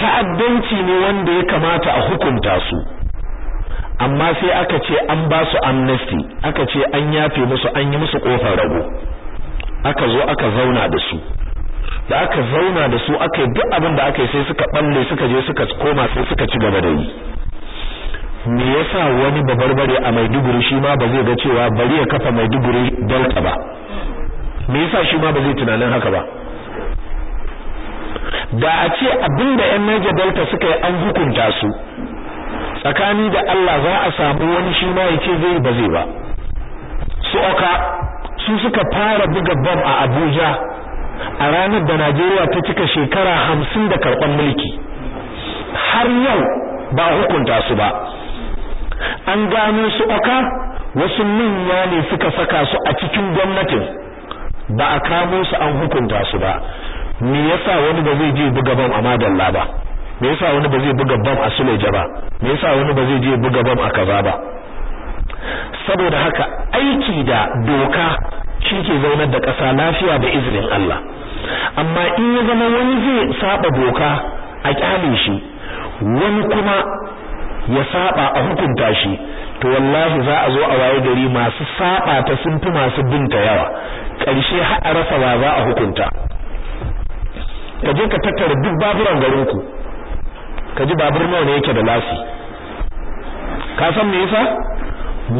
ta'addanci ne wanda ya kamata a hukunta su amma sai aka ce an ba su amnesty aka ce an yafe musu an yi musu kofar rago aka zo aka zauna da su da aka zauna da su aka yi duk abin da aka yi sai suka balle suka je suka koma sai suka ci gaba da yi me yasa wani babarbare a Maiduguri shi ma ba zai ga cewa bari ya kafa Maiduguri delta ba me yasa shi ma ba zai tunanin haka ba da a ce abinda yan Niger Delta suka yi an hukunta su tsakani da Allah za a samu wani shi ma yace zai ba zai ba su oka su suka fara buga bom a Abuja a ranar da Najeriya ta cika shekara hamsin da karban mulki har yau ba hukunta su ba an gano su oka wasu manya ne suka saka su a cikin gwamnatin ba a kamo su an hukunta su ba me yasa wani ba zai je buga bam a madalla ba me yasa wani ba zai buga bam a suleja ba me yasa wani ba zai je buga bam a kaza ba saboda haka aiki da doka shi ke zaunar da ƙasa lafiya da izinin Allah amma in ya zama wani zai saba doka a kyale shi wani kuma ya saba a hukunta shi to wallahi za a zo a waye gari masu saba ta sun fi masu binta yawa ƙarshe har a rasa ba za a hukunta ka je ka tattara duk baburan garinku, ku ka ji babur nawa ne yake da lasi. ka san me yasa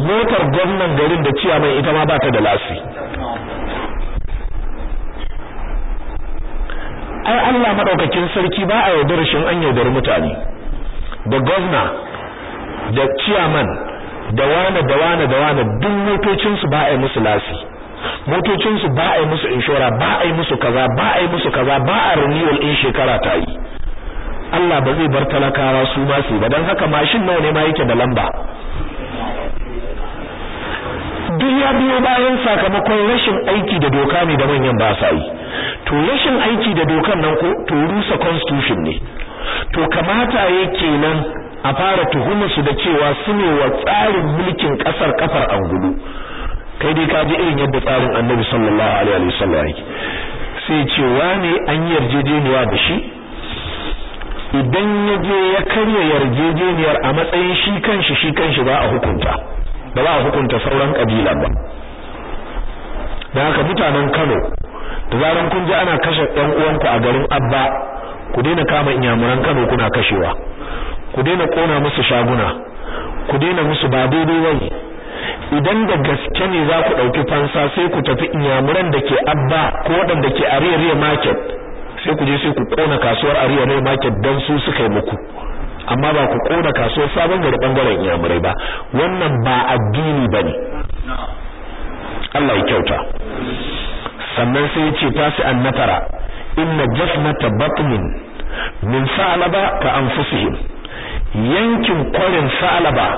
motar gwamnan garin da ciya mai ita ma ba ta da lasi. ai Allah madaukakin sarki ba a yaudar shin an yaudar mutane da gwamna da ciyaman da wane da wane da wane duk motocinsu ba a yi musu lasi motocinsu ba a yi musu inshora ba a yi musu kaza ba a yi musu kaza ba a renewal in shekara ta yi Allah ba zai bar talakawa su ba su ba don haka mashin nawa ne ma yake da lamba duk ya biyo bayan sakamakon rashin aiki da doka ne da manyan ba sa yi to rashin aiki da dokan nan ko to rusa constitution ne to kamata yake nan a fara tuhumar su da cewa su ne wa tsarin mulkin kasar kafar angulu kai dai ka ji irin yadda tsarin annabi sallallahu alaihi wa sallam yake sai ce wani an yarjejeniya da shi idan ya je ya karya yarjejeniyar a matsayin shi kanshi shi kanshi ba a hukunta ba za a hukunta sauran kabila ba da haka mutanen Kano da zaran kun ji ana kashe ɗan uwanku a garin Abba ku daina kama inyamuran Kano kuna kashewa ku daina kona musu shaguna ku daina musu ba daidai wani idan da gaske ne za ku ɗauki fansa sai ku tafi inyamuran da ke abba ko waɗanda ke ariyariya market sai ku je sai ku ƙona kasuwar ariyariya market don su suka yi muku amma ba ku ƙona kasuwar sabon gari ɓangaren inyamurai ba wannan ba addini ba ne Allah ya kyauta sannan sai ya ce fasi an nafara inna jasmata batmin min sa'alaba ka anfusihim yankin kwarin sa'alaba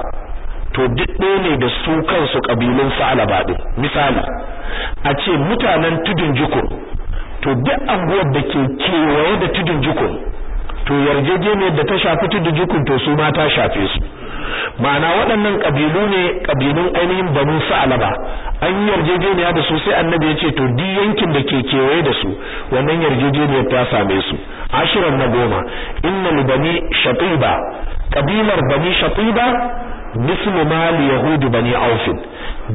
to duk ne da su kansu kabilun sa'alaba ɗin misali a ce mutanen tudun jikun to duk anguwar da ke kewaye da tudun jikun to yarjejeniyar da ta shafi tudun jikun to su ma ta shafe su ma'ana waɗannan ƙabilu ne ƙabilun ainihin banu sa'alaba an yi yarjejeniya da su sai annabi ya ce to duk yankin da ke kewaye da su wannan yarjejeniyar ta same su ashirin na goma inna bani shatiba ƙabilar bani ba. mislu mal yahud bani aus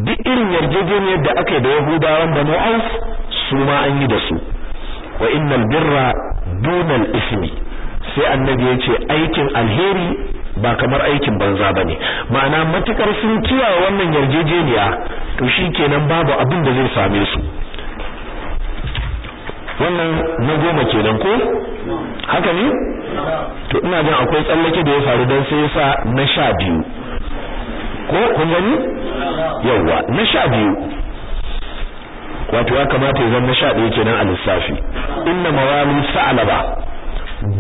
duk irin yarjejeniyar da aka yi da yahudawan bani auf su ma an yi da su wa innal birra duna al ismi sai annabi ya ce aikin alheri ba kamar aikin banza bane ma'ana matukar sun kiyaye wannan yarjejeniya to shikenan babu abin da zai same su wannan na goma kenan ko haka ne to ina jin akwai tsallake da ya faru dan sai yasa na sha biyu ko kun gani yawa na sha biyu wato ya kamata ya zama sha ɗaya kenan a lissafi inna mawali sa'alaba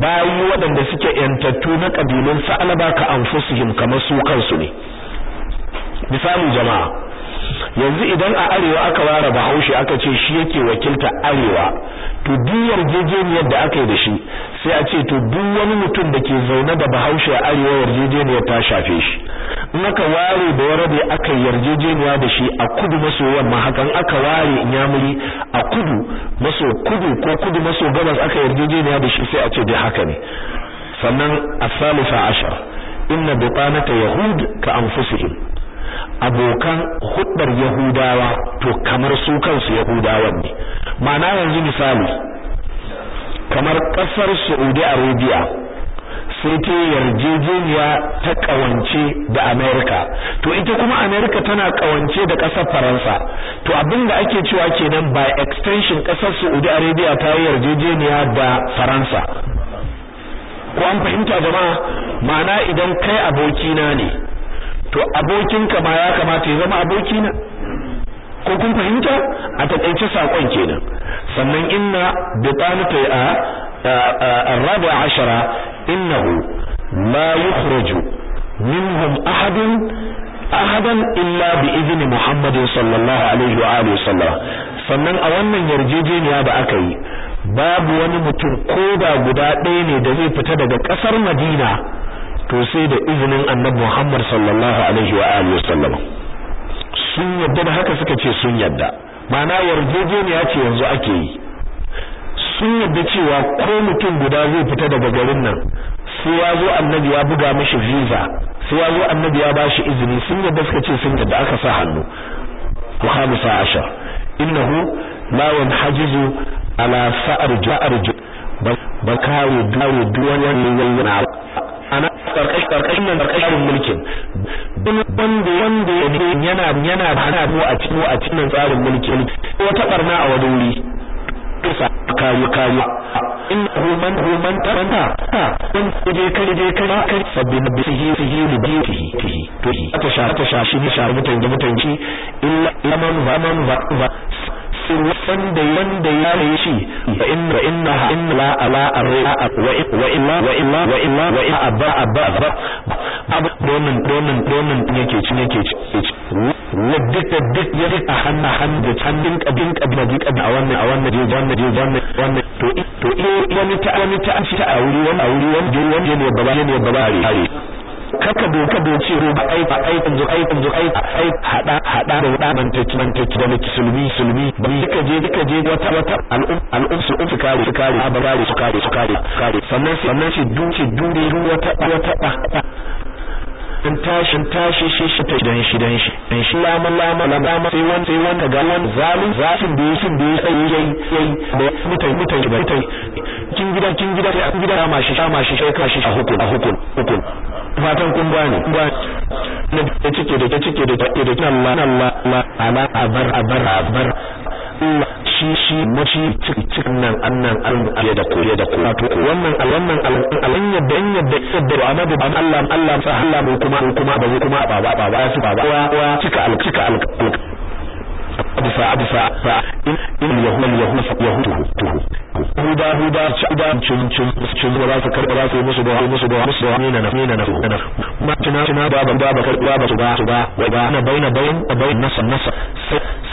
bayi waɗanda suke yantattu na ƙabilun sa'alaba ka anfusihim kamar su kansu ne misali jama'a yanzu idan a arewa aka ware bahaushe aka ce shi yake wakilta arewa to duk yarjejeniyar da aka yi da shi sai a ce to duk wani mutum da ke zaune da bahaushe a arewa yarjejeniyar ta shafe shi in aka ware da warabe aka yarjejeniya da shi a kudu maso yamma hakan aka ware inyamuri a kudu maso kudu ko kudu maso gabas aka yarjejeniya da shi sai a ce dai haka ne sannan asalisa ashar inna bitanata yahud ka anfusihim abokan hudbar yahudawa to kamar su kansu yahudawan ne ma'ana yanzu misali kamar kasar saudi arabia sai yarjejeniya ta kawance da Amerika, to ita kuma Amerika tana kawance da kasar faransa to abin abinda ake cewa kenan by extension kasar saudi arabia ta yi yarjejeniya da faransa ko an fahimta jama'a ma'ana idan kai abokina ne to abokinka ma ya kamata ya zama aboki na ko kun fahimta a takaice sakon kenan sannan inna bi talata a rabi ashara innahu la yukhruju minhum ahadun ahadan illa bi idni muhammadin sallallahu alaihi wa alihi sallam sannan a wannan yarjejeniya da aka yi babu wani mutum ko da guda ɗaya ne da zai fita daga ƙasar madina to sai da izinin annabi Muhammad sallallahu alaihi wa alihi wasallam sun yadda da haka suka ce sun yadda ma'ana yarjejeniya ce yanzu ake yi sun yadda cewa ko mutum guda zai fita daga garin nan sai ya zo annabi ya buga mishi visa sai ya zo annabi ya bashi izini sun yadda suka ce sun yadda aka sa hannu khamisa asha ashar innahu la yanhajizu ala sa'ar ja'ar kawo dawo duwan wannan ana karkashin nan karkashin mulkin wanda wanda yana yana ana ko a cikin a cikin tsarin mulkin wata barna a wani wuri kusa kayu kayu in hu man hu man ta man ta kun kai je kai kai sabbin bihi bihi bihi bihi to ta sha ta sha shi ne sha mutan da mutanci illa man va man va wanda wanda ya yi shi fa in fa inna ha in la ala arra wa wa illa wa illa wa illa wa illa abba abba abba abu domin ci ci duk duk ya hannu hannu da can din kabin kabin kabin a wannan a wannan je wannan je wannan wannan to to wani ta wani ta an ta a wuri wani a wuri wani je wani ne baba ne baba kaka doka doce roba aifa aifa zo aifa zo aifa hada hada da wada mantaki mantaki da miki sulmi sulmi bi ka je ka je wata wata al'um al'um su ufi um, kare su kare abara su kare su kare sannan sannan shi duke dure wata ta wata ta in in tashi shi shi ta dan shi dan shi dan shi lama lama lama sai wani sai wani ga wani zalim zafin da yasin da yayi yayi yayi da mutai mutai da mutai kin gida kin gida sai an gida ma shi ma shi sai shi a hukun a hukun hukun fatan kun bani ba da cike da cike da da Allah Allah Allah ala abar abar abar shi shi mashi cikin nan annan Allah da kore da kore to wannan wannan alan yadda an yadda sadda amadu an Allah Allah sa Allah mu kuma kuma ba kuma ba ba ba su ba cika al cika دفاع دفاع إن يهود يهود يهوده هدى هدى شعدا شن شن شن ولا فكر ولا في مصبوع مصبوع مصبوع مين أنا مين أنا أنا ما تنا تنا بابا بابا كر بابا سبا سبا وبا أنا بين بين بين نص نص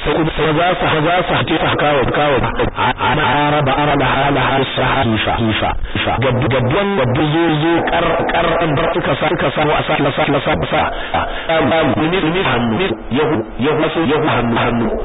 سكوب سجا سجا سحتي فكاو فكاو أنا عرب عرب حال حال سحا فيفا فيفا جب جبون وبزور زور كر كر أمبر كسا كسا وأسا لسا لسا بسا أم أم مني مني هم يهو يهو يهو هم هم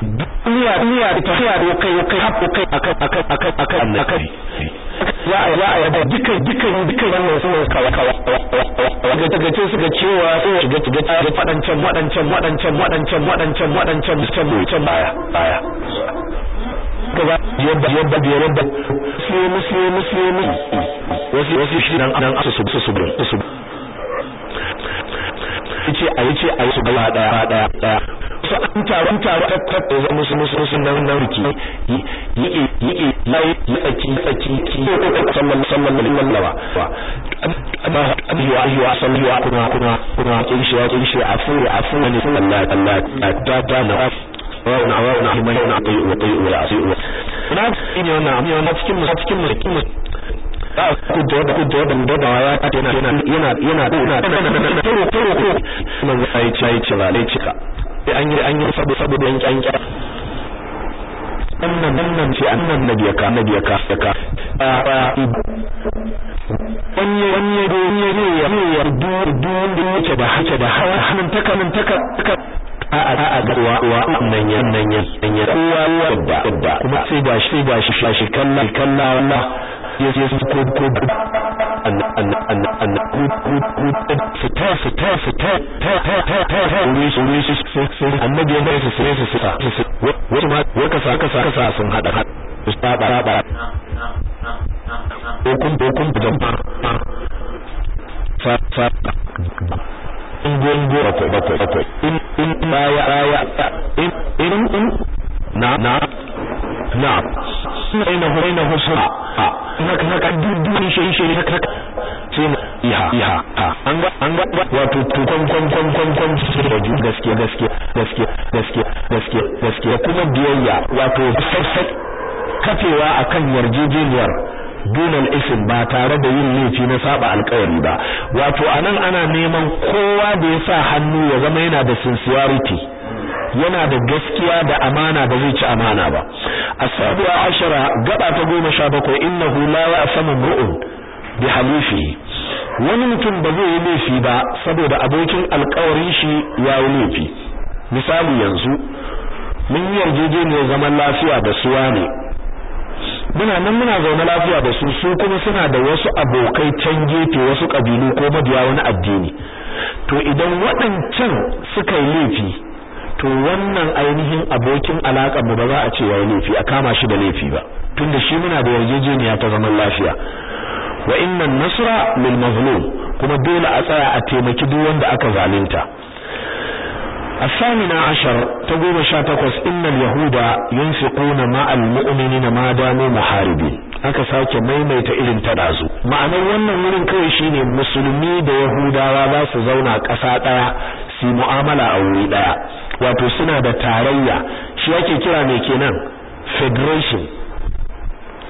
duniya duniya da tafiya da kai kai hakku kai akan akan akan akan annabi ya a ya da duka duka duka wannan sun kawa kawa wanda daga ce suka cewa sai ga ga ga fadancan wadancan can wadancan can. wadancan can can baya baya kaza yadda yadda da yadda muslimi muslimi muslimi wasu wasu shi nan nan su su su su yace a ce a su gaba daya daya daya sa'an taron taro ta kafa musu musu musu nan nan riki yi yi lai tsaki tsaki ki sallallahu sallallahu alaihi wasallam amma abiwa abiwa salliwa kuma kuma kuma cikin shi kin shi a afu ne sallallahu Allah da da na wa'un awa'un ahman wa tayu wa tayu wa asu na ina na ina na cikin cikin cikin a ku da ku da da wa ya ta yana yana yana yana yana yana yana yana yana yana yana yana yana yana yana an yi an yi sabu sabu da yanki yanki wannan wannan ce annan nabi ya ka nabi ya ka ya ka a wani wani da wani ne ya ne ya du du da ce da hake da hawa hannun taka nan taka taka a a a garwa wa nan yan nan yan yan kowa da da kuma sai da shi da shi shi kallan kallan Allah ya je su ko ko fita fita fita ta ta ta ta ta wuri su wuri su annabi ya bai su sai su fita wata ma waka sa ka sa ka sa sun hada su ta ba ba dokun dokun da ba fa fa in gongo akwai akwai akwai in in baya baya in in in na na na ina hoina husra na ka ka dudu shi shi ka ka sai na iha iha an ga an ga wato to kon kon kon kon kon sai gaskiya gaskiya gaskiya gaskiya gaskiya gaskiya kuma biyayya wato sassak kafewa akan yarjejeniyar dunan ba tare da yin laifi na saba alkawari ba wato anan ana neman kowa da ya sa hannu ya zama yana da sincerity yana da gaskiya da amana da zai ci amana ba a asabiya ashara gaba ta goma sha bakwai innahu la saman ru'un bi halifi wani mutum ba zai yi laifi ba saboda abokin alkawarin shi ya yi laifi misali yanzu mun yi yarjejeniyar zaman lafiya da suwa ne muna nan muna zaune lafiya da su su kuma suna da wasu abokai can gefe wasu kabilu ko mabiya wani addini to idan waɗancan suka yi laifi to wannan ainihin abokin alaƙar mu ba za a ce yayi laifi a kama shi da laifi ba tunda shi muna da yarjejeniya ta zaman lafiya wa inna nasra lil mazlum kuma dole a tsaya a taimaki duk wanda aka zalunta الثامنة عشر تقول شاتكوس Yahuda اليهود ينفقون مع na ما داموا muharibi aka sake maimaita irin ta dazu ma'anar wannan wurin kawai shine musulmi da yahudawa za su zauna ƙasa ɗaya su mu'amala a wuri ɗaya wato suna da tarayya shi yake kira me kenan federation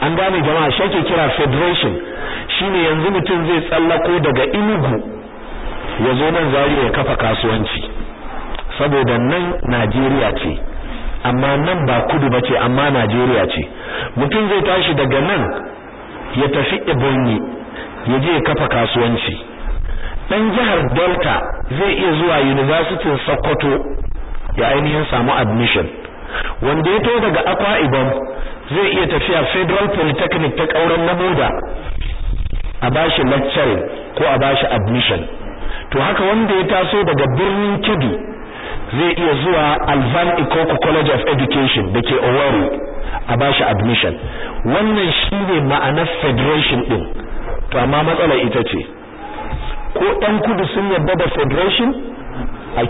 an gane jama'a shi yake kira federation shine yanzu mutum zai tsallako daga inugu ya zo nan zari ya kafa kasuwanci saboda nan Najeriya ce amma nan ba kudu bace amma Najeriya ce mutum zai tashi daga nan ya tafi Ebonyi ya je ya kafa kasuwanci dan jihar Delta zai iya zuwa University Sokoto ya ainihin samu admission wanda ya to daga akwa ibom zai iya tafiya federal polytechnic ta kauran namuda a bashi lecturer ko a bashi admission to haka wanda ya taso daga birnin kidi zai iya zuwa alvan ikoku college of education da ke owari a bashi admission wannan shi ne ma'anar federation din to amma matsalar ita ce ko ɗan kudu sun yadda da federation a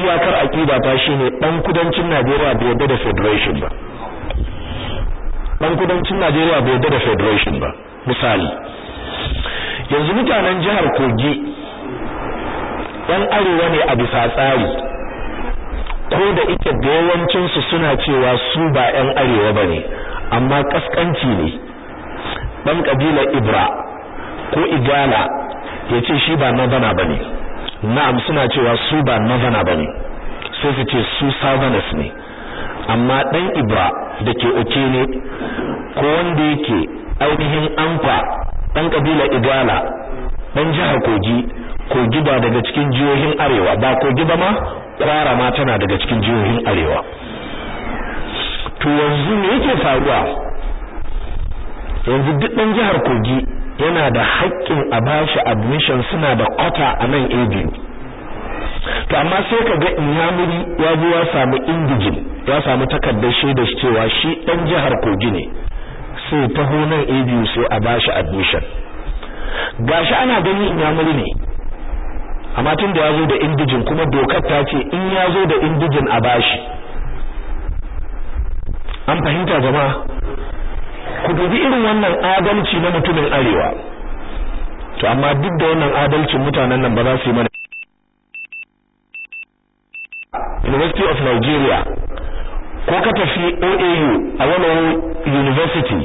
iyakar aƙida ta shine ɗan kudancin Najeriya bai yarda da federation ba ɗan kudancin Najeriya bai yarda da federation ba misali yanzu mutanen jihar Kogi ɗan arewa ne a bisa tsari ko da ita da yawancinsu suna cewa su ba ɗan arewa bane amma kaskanci ne ɗan kabilar Ibra ko Igala yace shi ba na bana bane na'am suna cewa su ba nazana bane sai su ce su southerners ne amma dan ibra da ke oke ne ko wanda yake ainihin anfa dan kabila igala dan jihar kogi kogi ba daga cikin jihohin arewa ba kogi ba ma kwara ma tana daga cikin jihohin arewa to yanzu me yake faruwa yanzu duk dan jihar kogi yana da haƙƙin a bashi admission suna da kwata a nan ebi to amma sai ka ga inyamuri ya zo ya samu indijin ya samu takardar shaidar cewa shi ɗan jihar kogi ne sai taho nan abu sai a bashi admission gashi ana gani inyamuri ne amma tun da ya zo da indijin kuma dokar ta ce in ya zo da indijin a bashi an fahimta jama'a ku dubi irin wannan adalci na mutumin arewa to amma duk da wannan adalcin mutanen nan ba za su yi mana University of Nigeria ko ka tafi OAU a wani university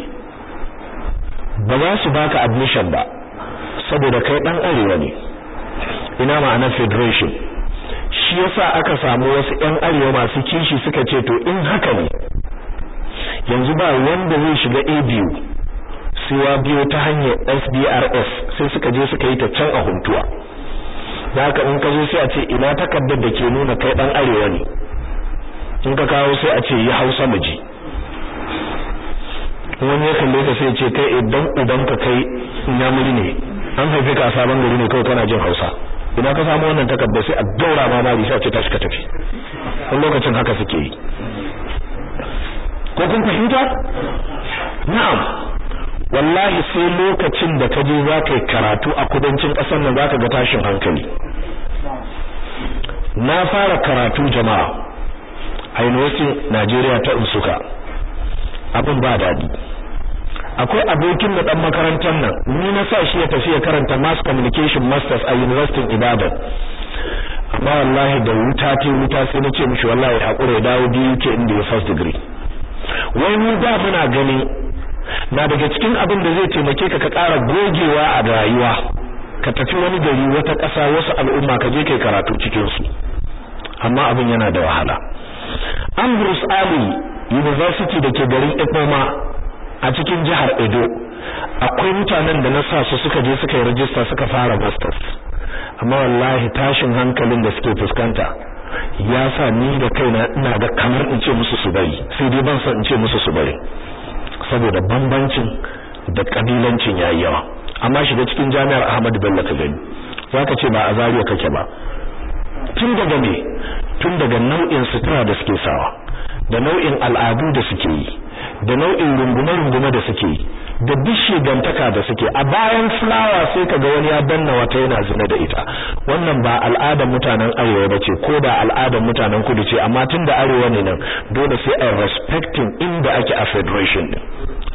ba za su baka admission ba saboda kai dan arewa ne ina ma'ana federation shi yasa aka samu wasu yan arewa masu kishi suka ce to in haka ne yanzu ba wanda zai shiga ABU suwa ya biyo ta hanyar SDRS sai suka je suka yi ta can a huntuwa da haka in ka zo sai a ce ina takardar da ke nuna kai dan arewa ne in ka kawo sai a ce yi Hausa mu wani ya kalle ka sai ce kai idan uban ka kai namuri ne an haife ka a sabon gari ne kawai kana jin Hausa ina ka samu wannan takardar sai a daura ma ma sai a ce tashi ka tafi wani lokacin haka suke yi ko kun fahimta na'am wallahi sai lokacin da ka je za ka yi karatu a kudancin ƙasar nan za ka ga tashin hankali na fara karatu jama'a a university Najeriya ta Unsuka abin ba daɗi akwai abokin da ɗan makarantar nan ni na sa shi ya tafi ya karanta mass communication masters a university Ibadan amma wallahi da wuta ta wuta sai na ce mishi wallahi hakuri ya dawo biyu ke inda ya first degree wai mun da muna gani na daga cikin abin da zai taimake ka ka ƙara gogewa a rayuwa ka tafi wani gari wata ƙasa wasu al'umma ka je kai karatu cikin su amma abin yana da wahala Ambrose Ali University da ke garin Ekoma a cikin jihar Edo akwai mutanen da na sa su suka je suka yi rajista suka fara masters amma wallahi tashin hankalin da suke fuskanta ya sa ni da kaina ina da kamar in ce musu su bari sai dai ban san in ce musu su bari saboda bambancin da kabilancin yayi yawa amma shiga cikin jami'ar Ahmadu Bello ka gani zaka ce ba a zariya kake ba tun daga me tun daga nau'in sutura da suke sawa da nau'in al'adu da suke yi da nau'in rungume-rungume da suke yi da duk gantaka da suke a bayan fulawa sai kaga wani ya danna wata yana zina da ita wannan ba al'adar mutanen arewa bace ko da al'adar mutanen kudu ce amma tunda arewa ne nan dole sai a respecting inda ake a federation din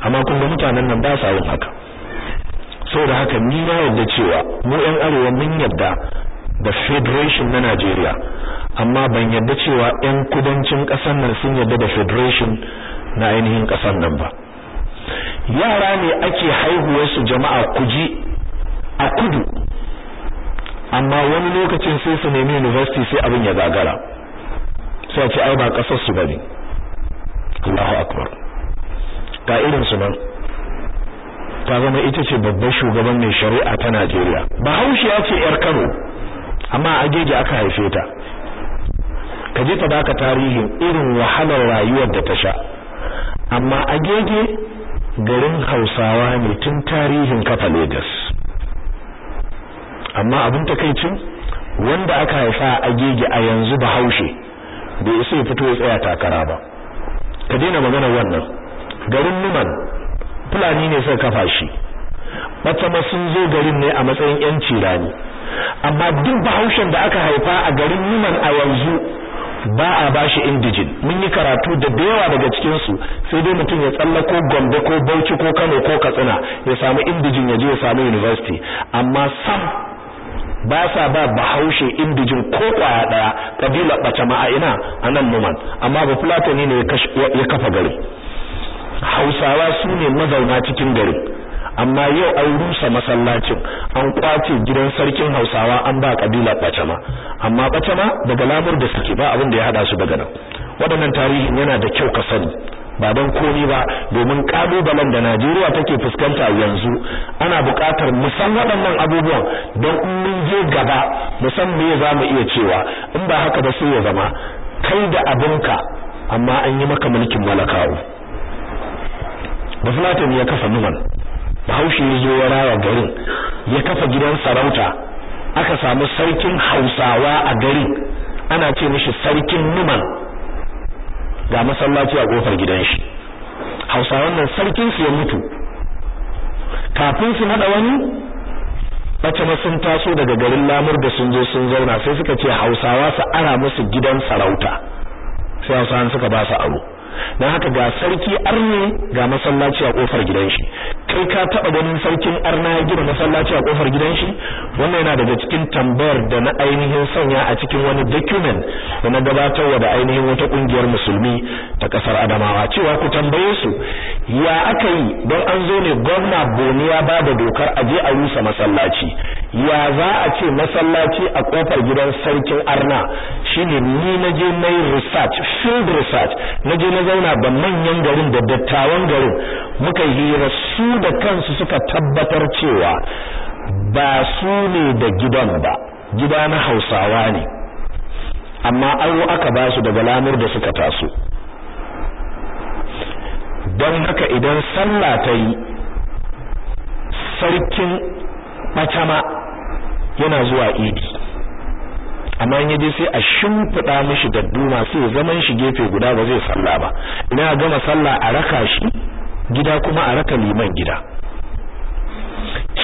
amma kun ga mutanen nan ba sa yin haka saboda haka ni na yarda cewa mu yan arewa mun yarda da federation na Najeriya amma ban yarda cewa yan kudancin kasar nan sun yarda da federation na ainihin kasar nan ba yara ne ake haihuwarsu jama'a kuji a kudu amma wani lokacin sai su nemi university sai abin ya gagara sai ce ai ba kasar su bane Allahu akbar ga irin su nan ta zama ita ce babbar shugaban mai shari'a ta Najeriya Bahaushe ya ce yar Kano amma a Gege aka haife ta ka je ta baka tarihin irin wahalar rayuwar da ta sha amma a Gege. garin hausawa ne tun tarihin kafa Legas amma abin takaicin wanda aka haifa a gege a yanzu bahaushe bai isa ya fito ya tsaya takara ba ka daina magana wannan garin numan fulani ne suka kafa shi matsama sun zo garin ne a matsayin yan rani amma duk bahaushen da aka haifa a garin numan a yanzu ba a bashi indijin mun yi karatu da dayawa daga cikin su sai dai mutum ya tsallako Gombe ko Bauchi ko Kano ko Katsina ya samu indijin ya je ya samu university amma sam ba sa ba bahaushe indijin ko kwaya daya kabila bace ma a ina anan numan amma ba fulatani ne ya kafa gari hausawa su ne mazauna cikin garin amma yau an rusa masallacin an kwace gidan sarkin Hausawa an ba kabila bacama amma bacama daga lamur da suke ba abin ya hada su daga nan waɗannan tarihin yana da kyau ka sani ba don komi ba domin kalubalen da Najeriya take fuskanta yanzu ana buƙatar mu san waɗannan abubuwan don mun je gaba mu san me za mu iya cewa in ba haka ba sai ya zama kai da abinka amma an yi maka mulkin malakawo Bafulatani ya kafa numan bahaushe ya zo ya rawa garin ya kafa gidan sarauta aka samu sarkin hausawa a garin ana ce mishi sarkin numan ga masallaci a kofar gidan shi hausawan nan sarkin su ya mutu kafin su nada wani mace ma sun taso daga garin lamur da sun zo sun zauna sai suka ce hausawa su ara musu gidan sarauta sai hausawan suka ba su aro na haka ga sarki arne ga masallaci a kofar gidan shi kai ka taba ganin sarkin arna ya gina masallaci a kofar gidan shi wannan yana daga cikin tambayar da na ainihin sanya a cikin wani document da na gabatarwa da ainihin wata kungiyar musulmi ta kasar Adamawa cewa ku tambaye su ya aka yi don an zo ne gwamna Boni ya ba da dokar a je a rusa masallaci ya za a ce masallaci a kofar gidan sarkin arna shine ni na je na yi research field research na je na na zauna da manyan garin da dattawan garin muka hira su da kansu suka tabbatar cewa ba su ne da gidan ba gida na hausawa ne amma aro aka ba su daga lamur da suka taso don haka idan sallah ta yi sarkin matama yana zuwa idi amma in yaje sai a shimfiɗa mishi duma sai zaman shi gefe guda ba zai salla ba ina gama sallah a raka shi gida kuma a raka liman gida